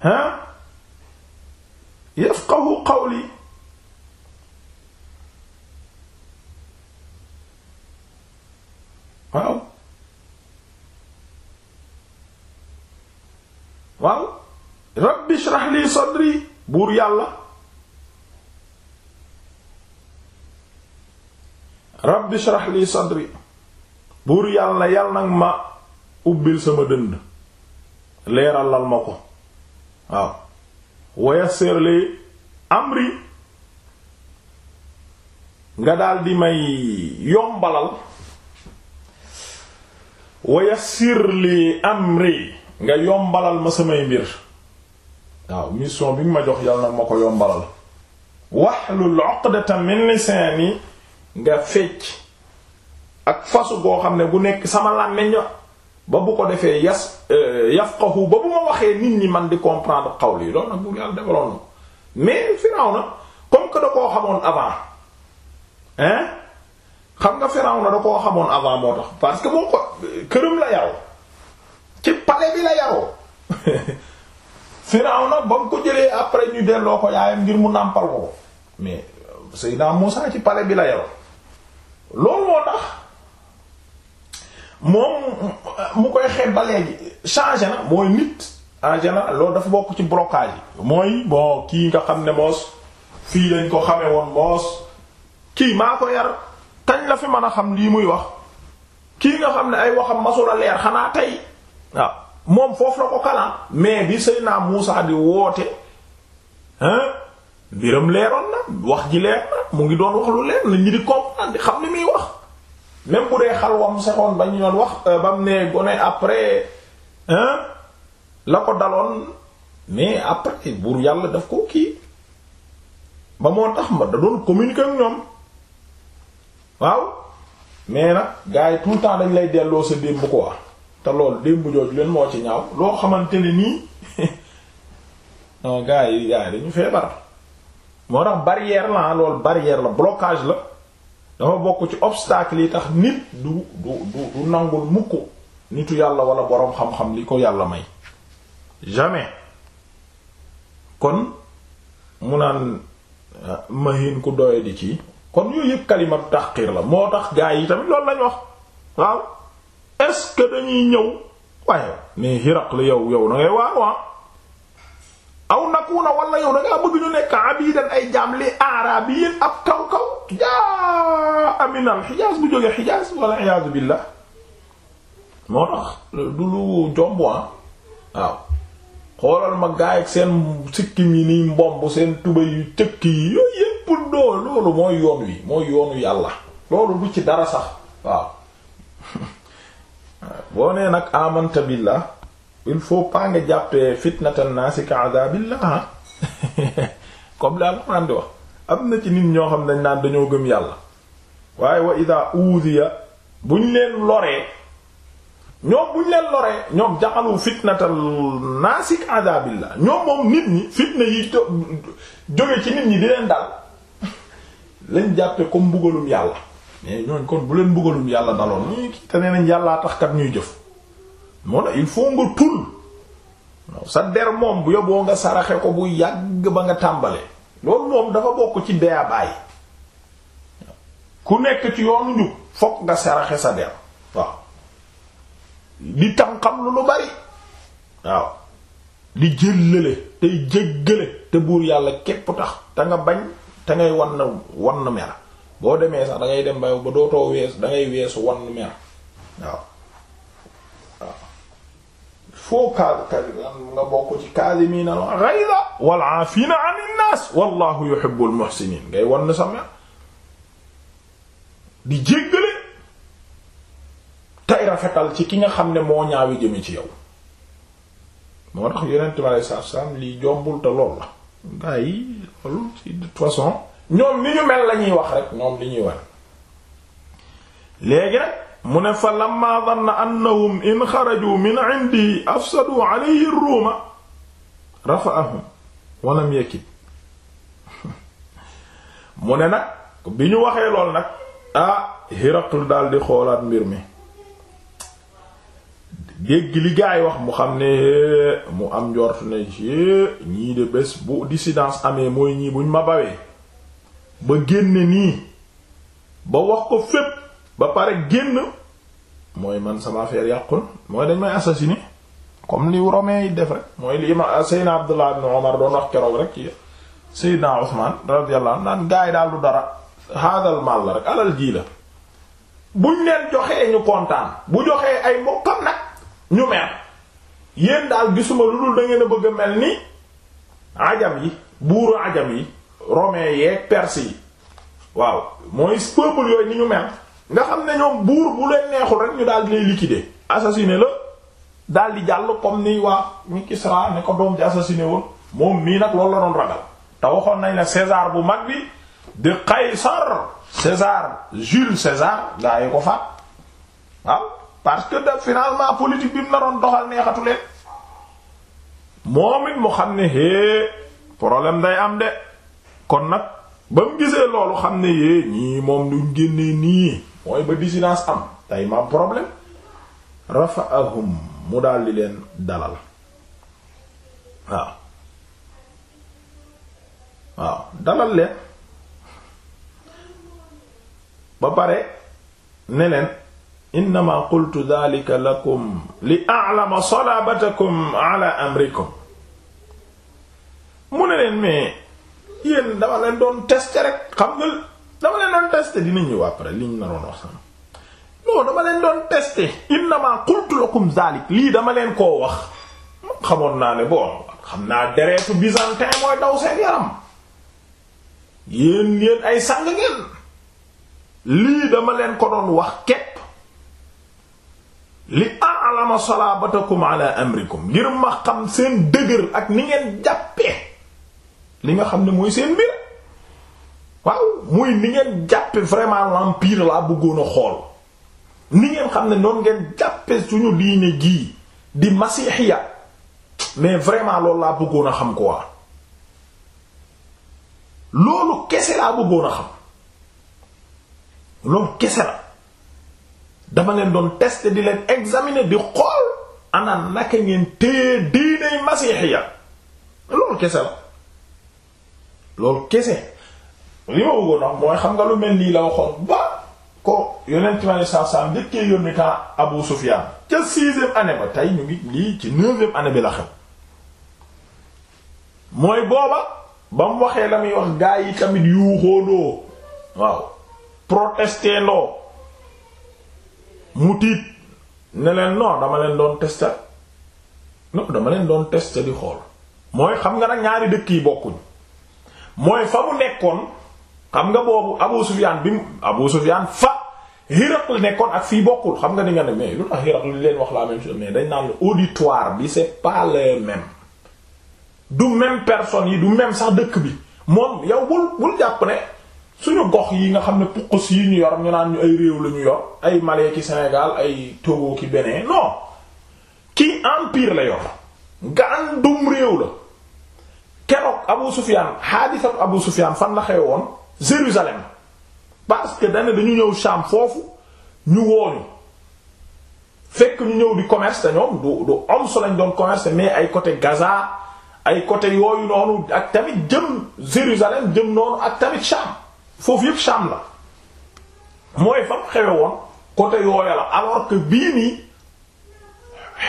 Speaker 1: ha yafqahu qawli waaw waaw rabbi shrah li buur yàlla rabbi shrah li buur yàlla yàlla nag ma ubbil sama dënd leeralal ma ko waaw wayassir li amri nga daldi may yombalal wayassir li amri nga yombalal ma samay mbir waaw mission bi nga ma jox yàlla nag ma ko yombalal wahlul uqdatan min lisani nga fecc ak fasu goo xam ne bu nekk sama làmmiñ ba bu ko defee yas euh, yafqahu ba bu ma waxee nit ñi man di comprendre xawli loolu nag bu yàlla defaloon na mais Firawna comme que da koo xamoon avant hein xam nga Firawna da koo xamoon avant moo tax parce que moo ko këram la yaw ci pale bi la yaroo Firawna ba mu ko jëlee après ñu delloo ko yaayam ngir mu nàmpal ko mais euh, Seydina Muusa ci palais bi la yaroo loolu moo tax moom euh, mu koy xeeb ba léegi changé na mooy nit en général loolu dafa bokk ci blocage yi mooy bon kii nga xam ne moos fii lañ ko xamee woon moos kii maa ko yar kañ la fi mën a xam lii muy wax kii nga xam ne ay waxam masula leer xanaa tey waaw moom foofu la ko kalam mais bi Seydina Muusa di woote hein mbiram leeroon na wax ji leer na mu ngi doon wax lu leer na ñi di comprendre xam ni muy wax même bu dee xal wam sexoon ba ñu doon wax euh, ba mu ne gone après hein la ko daloon mais après buur yàlla daf ko kii ba moo tax ma da doon communiquer ak ñoom waaw mais nag gaa yi tout le temps dañ lay delloo sa bu ko wax te loolu démb jooju leen moo ci ñaaw loo xamante ne nii non gars yi gars yi dañu feebar moo tax barrière la loolu barrière la blocage la dafa bokk ci obstacle yi tax nit du du du du nangul mukk nitu yàlla wala boroom xam-xam li ko yàlla may jamais kon mu naan ah, mahin ku doye ci kon yooyu yëpp kalimatu tahqir la moo tax gaa yi tamit lool lañ wax waaw est-ce que dañuy ñëw waaye mais Hiraql yow yow da ngay waaw ah. aw nakuuna wala yow da bëgg ñu nekk abidan ay jaam li arabiyin ab kaw kaw jaa aminal xijaas bu jógee xijaas wala iyaazu billah moo tax du lu jomb ah waaw xoolal ma gaay ak seen sikkim yi nii mbomb seen tubay yu tëkk yi yooyu yépp doo loolu mooy yoon wi mooy yoonu yàlla loolu du ci dara sax waaw boo nee nag amanta billah il faut pas nga jàppee fitnatan naasi ka adabillah comme li na ci nit ñoo xam dañ naan dañoo gëm yàlla waaye wa ida uudiya buñ leen loree ñoom buñ leen loree ñoom jaxalu fitnatal naasi ka adabillah moom nit ñi fitna yi jóge ci nit ñi di leen dal lañ jàppe comme mbugalum yàlla mais eh, ñooñ kon bu leen mbugalum yàlla daloon ñuy kii te nee nañ yàllaa tax kat ñuy jëf moo tax il faut nga tul sa der moom bu yoboo nga saraxe ko bu yàgg ba nga tàmbalee loolu moom dafa bokk ci dee baay ku nekk ci yoonu njub fokk nga saraxe sa der waaw di tam-xam lu lu bari waaw di jëllale tey jéggale te buur yàlla képp tax te nga bañ te ngay wan na wan mera boo demee sax dangay dem ba ba dootoo weesu da ngay weesu wan mer waaw waaw foo ka nga bokk ci kaazimiina al-ghayza wal aafiina anin naas wallaahu yuhibbul muhsiniin ngay wan sa mer di jéggale tey rafetal ci ki nga xam ne moo ñaawi jëme ci yow moo tax Yonent bi sallallahu alayhi wa lii jombul te lool la. gars yi ci de façon. ñoom ni ñu mel la wax rek ñoom li ñuy wax léegi rek mu ne fa lamma dhanna annahum in xaraju min indi afsadu alayhi ruuma rafa'ahum wa lam yakid mu ne nag bi ñu waxee lool nag ah Hiraql daal di xoolaat mbir mi dégg li gaa yi wax mu xam ne mu am njort ne ci ñii de bés bu dissidence amee mooy ñii buñ ma bawee ba génne nii ba wax ko fépp ba pare génn mooy man sama affaire yàqul mooy dañ may assassiné comme li romain yi def rek mooy lii ma Seydina Abdullah ibn Omar doon wax keroog rek ci Seydina Usman radiyallahu anhu naan gaa daal du dara haadal mal la rek alal jii la buñ leen joxee ñu kontaan bu joxee ay mbokkam nag ñu mer yéen daal gisuma lu dul da bëgg a mel ni ajam yi buuru ajam yi romains yeeg perse yi waaw mooy peuple yooyu ni ñu mel nga xam ne ñoom buur bu leen neexul rek ñu daal di lay liquider assassiner la daal di jàll comme ni waa ñu Kisra ne ko doom ji assassiner woon moom mii nag loolu la doon ragal te waxoon nañ ne César bu mag bi di Qaysar César Jules César gaa yi ko faat waaw parce que da finalement politique bi mu naroon doxal neexatu leen moom it mu xam ne hé problème day am de kon nag ba mu gisee loolu xam ne yee ñii moom duñ génnee nii mooy ba dissidence am tey ma problème rafaahum mu daldi leen dalal waaw dalal leen ba pare neleen leen innama qultu dhalika lakum li a'lama salabatakum ala amrikum mu ne leen mais yéen dama leen doon teste rek xam nga dama leen doon tester dinañ ñëw après liñ naroon wax sama non dama leen doon tester innama qultu lakum zalik lii dama leen koo wax xamoon naa ne bon xam naa deretu byzantin mooy daw seen yaram yéen yéen ay sang ngeen lii dama leen ko doon wax képp li a'lama salabatakum ala amrikum ngir ma xam seen dëgër ak ni ngeen jàppee li nga xam ne mooy seen mbir waaw muy ni ngeen jàppe vraiment l'empire laa bëggoon a xool ni ngeen xam ne noon ngeen jàppe suñu diine gii di masixiya mais vraiment loolu laa bëggoon a xam quoi loolu kese laa bëggoon a xam loolu kese la dama leen doon tester di leen examiner di xool ana naka ngeen téye diiney masixiya loolu kese la loolu kese li ma bëggoon wax mooy xam nga lu mel nii la waxoon ba ko yonent ma ne saa saa njëkkee yónni temps Abu Sufyan ca sixième année ba tey ñu ngi lii ci neuvième année bi la xew mooy booba ba mu waxee la muy wax gaa yi tamit yuuxóondoo waaw protesté ndoo mu tiit ne leen dama leen doon tester non dama leen doon tester di xool mooy xam nga nag ñaari dëkk yi bokkuñ mooy fa mu nekkoon xam nga boobu Abu Sufyaan bi mu Abu Sufyaan fa Hiraql nekkoon ak fii bokkul xam nga ni nga ne mais lu tax Hiraql li leen wax la même chose mais dañ naan auditoire bi c'est pas le même du même personne yi du même sax dëkk bi moom yow bul bul jàpp ne suñu gox yi nga xam ne puqus yi ñu yor ñu naan ñu ay réew la ñu yor ay Mali ki Sénégal ay Togo ki Bénin non kii empire la yor gàndum réew la keroog Abu Sufyaan xaadisatu Abu Sufyaan fan la xewe woon Jérusalem parce que dana dañu ñëw Sham foofu ñu wooñu fekk ñu ñëw di commerce te ñoom du du Homs lañ doon commerce mais ay côté Gaza ay côté yooyu noonu ak tamit jëm Jérusalem jëm noonu ak tamit Sham foofu yëpp Sham la mooy fam xewe woon côté yooya la alors que bii nii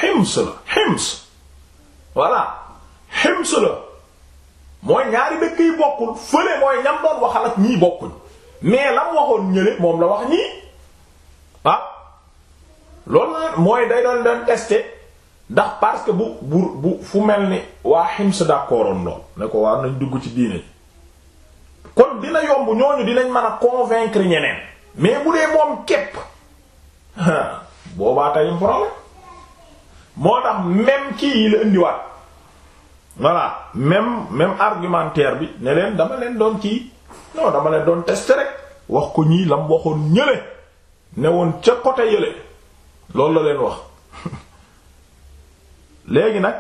Speaker 1: Hims la Hims voilà Hims la mooy ñaari dëkk yi bokkul fële mooy ñam doon waxal ak ñii bokkuñ mais lam waxoon ñële moom la wax ñii ah loolu mooy day doon doon testé ndax parce que bu bu fu mel ni waa Hims d'accord woon lool ne ko war nañ dugg ci diine kon dina yomb ñooñu dinañ mën a convaincre ñeneen mais bu dee moom képp boobaa tey problème moo tax même kii yi la indiwaat. voilà même même argumentaire bi ne leen dama leen doon ci non dama leen doon tester rek wax ko ñii lam waxoon ñële ne woon ca côté yële loolu la leen wax léegi nag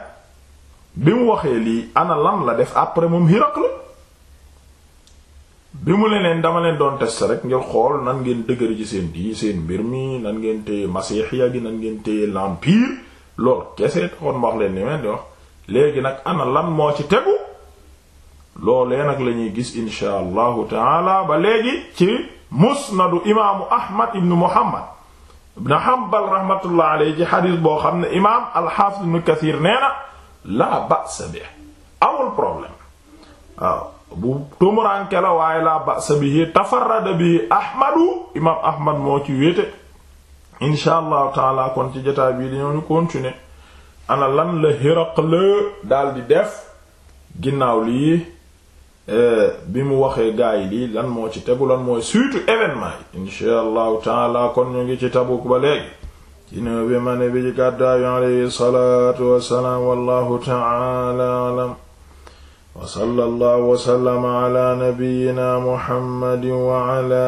Speaker 1: bi mu waxee lii ana la def après moom Hiraql la bi mu leen dama leen doon tester rek ngir xool nan ngeen dëgër ci seen di seen mbir mi nan ngeen téye masiixiya gi nan ngeen téye l'empire loolu kese taxoon ma wax leen ni men di wax léegi nag ana lan moo ci tegu loolee nag la ñuy gis insha allahu taala ba léegi ci musnadu imaamu ahmad ibn muhammad ibn hanbal rahmatullah alayhi ci xadis boo xam ne imaam alxaafis ibn kathir nee na laa ba'sa bi amul problème waaw bu tumuranke la waaye laa ba'sa tafarrada bi ahmadu imaam ahmad moo ci wéete insha taala kon ci jotaay bii dañoo ñu continuer ana lan la Hiraqla daldi def ginnaaw lii eh, bi mu waxee gaa yi lan moo ci tegu lan mooy surtout événement yi insha allahu taala kon ñu ngi ci Tabuk ba léegi ci néew bi ma ne bi ci gàddaayu alayhi salaatu wassalaam wallahu taala alam wa sallallahu wa sallama ala nabiyyina muhammadin wa ala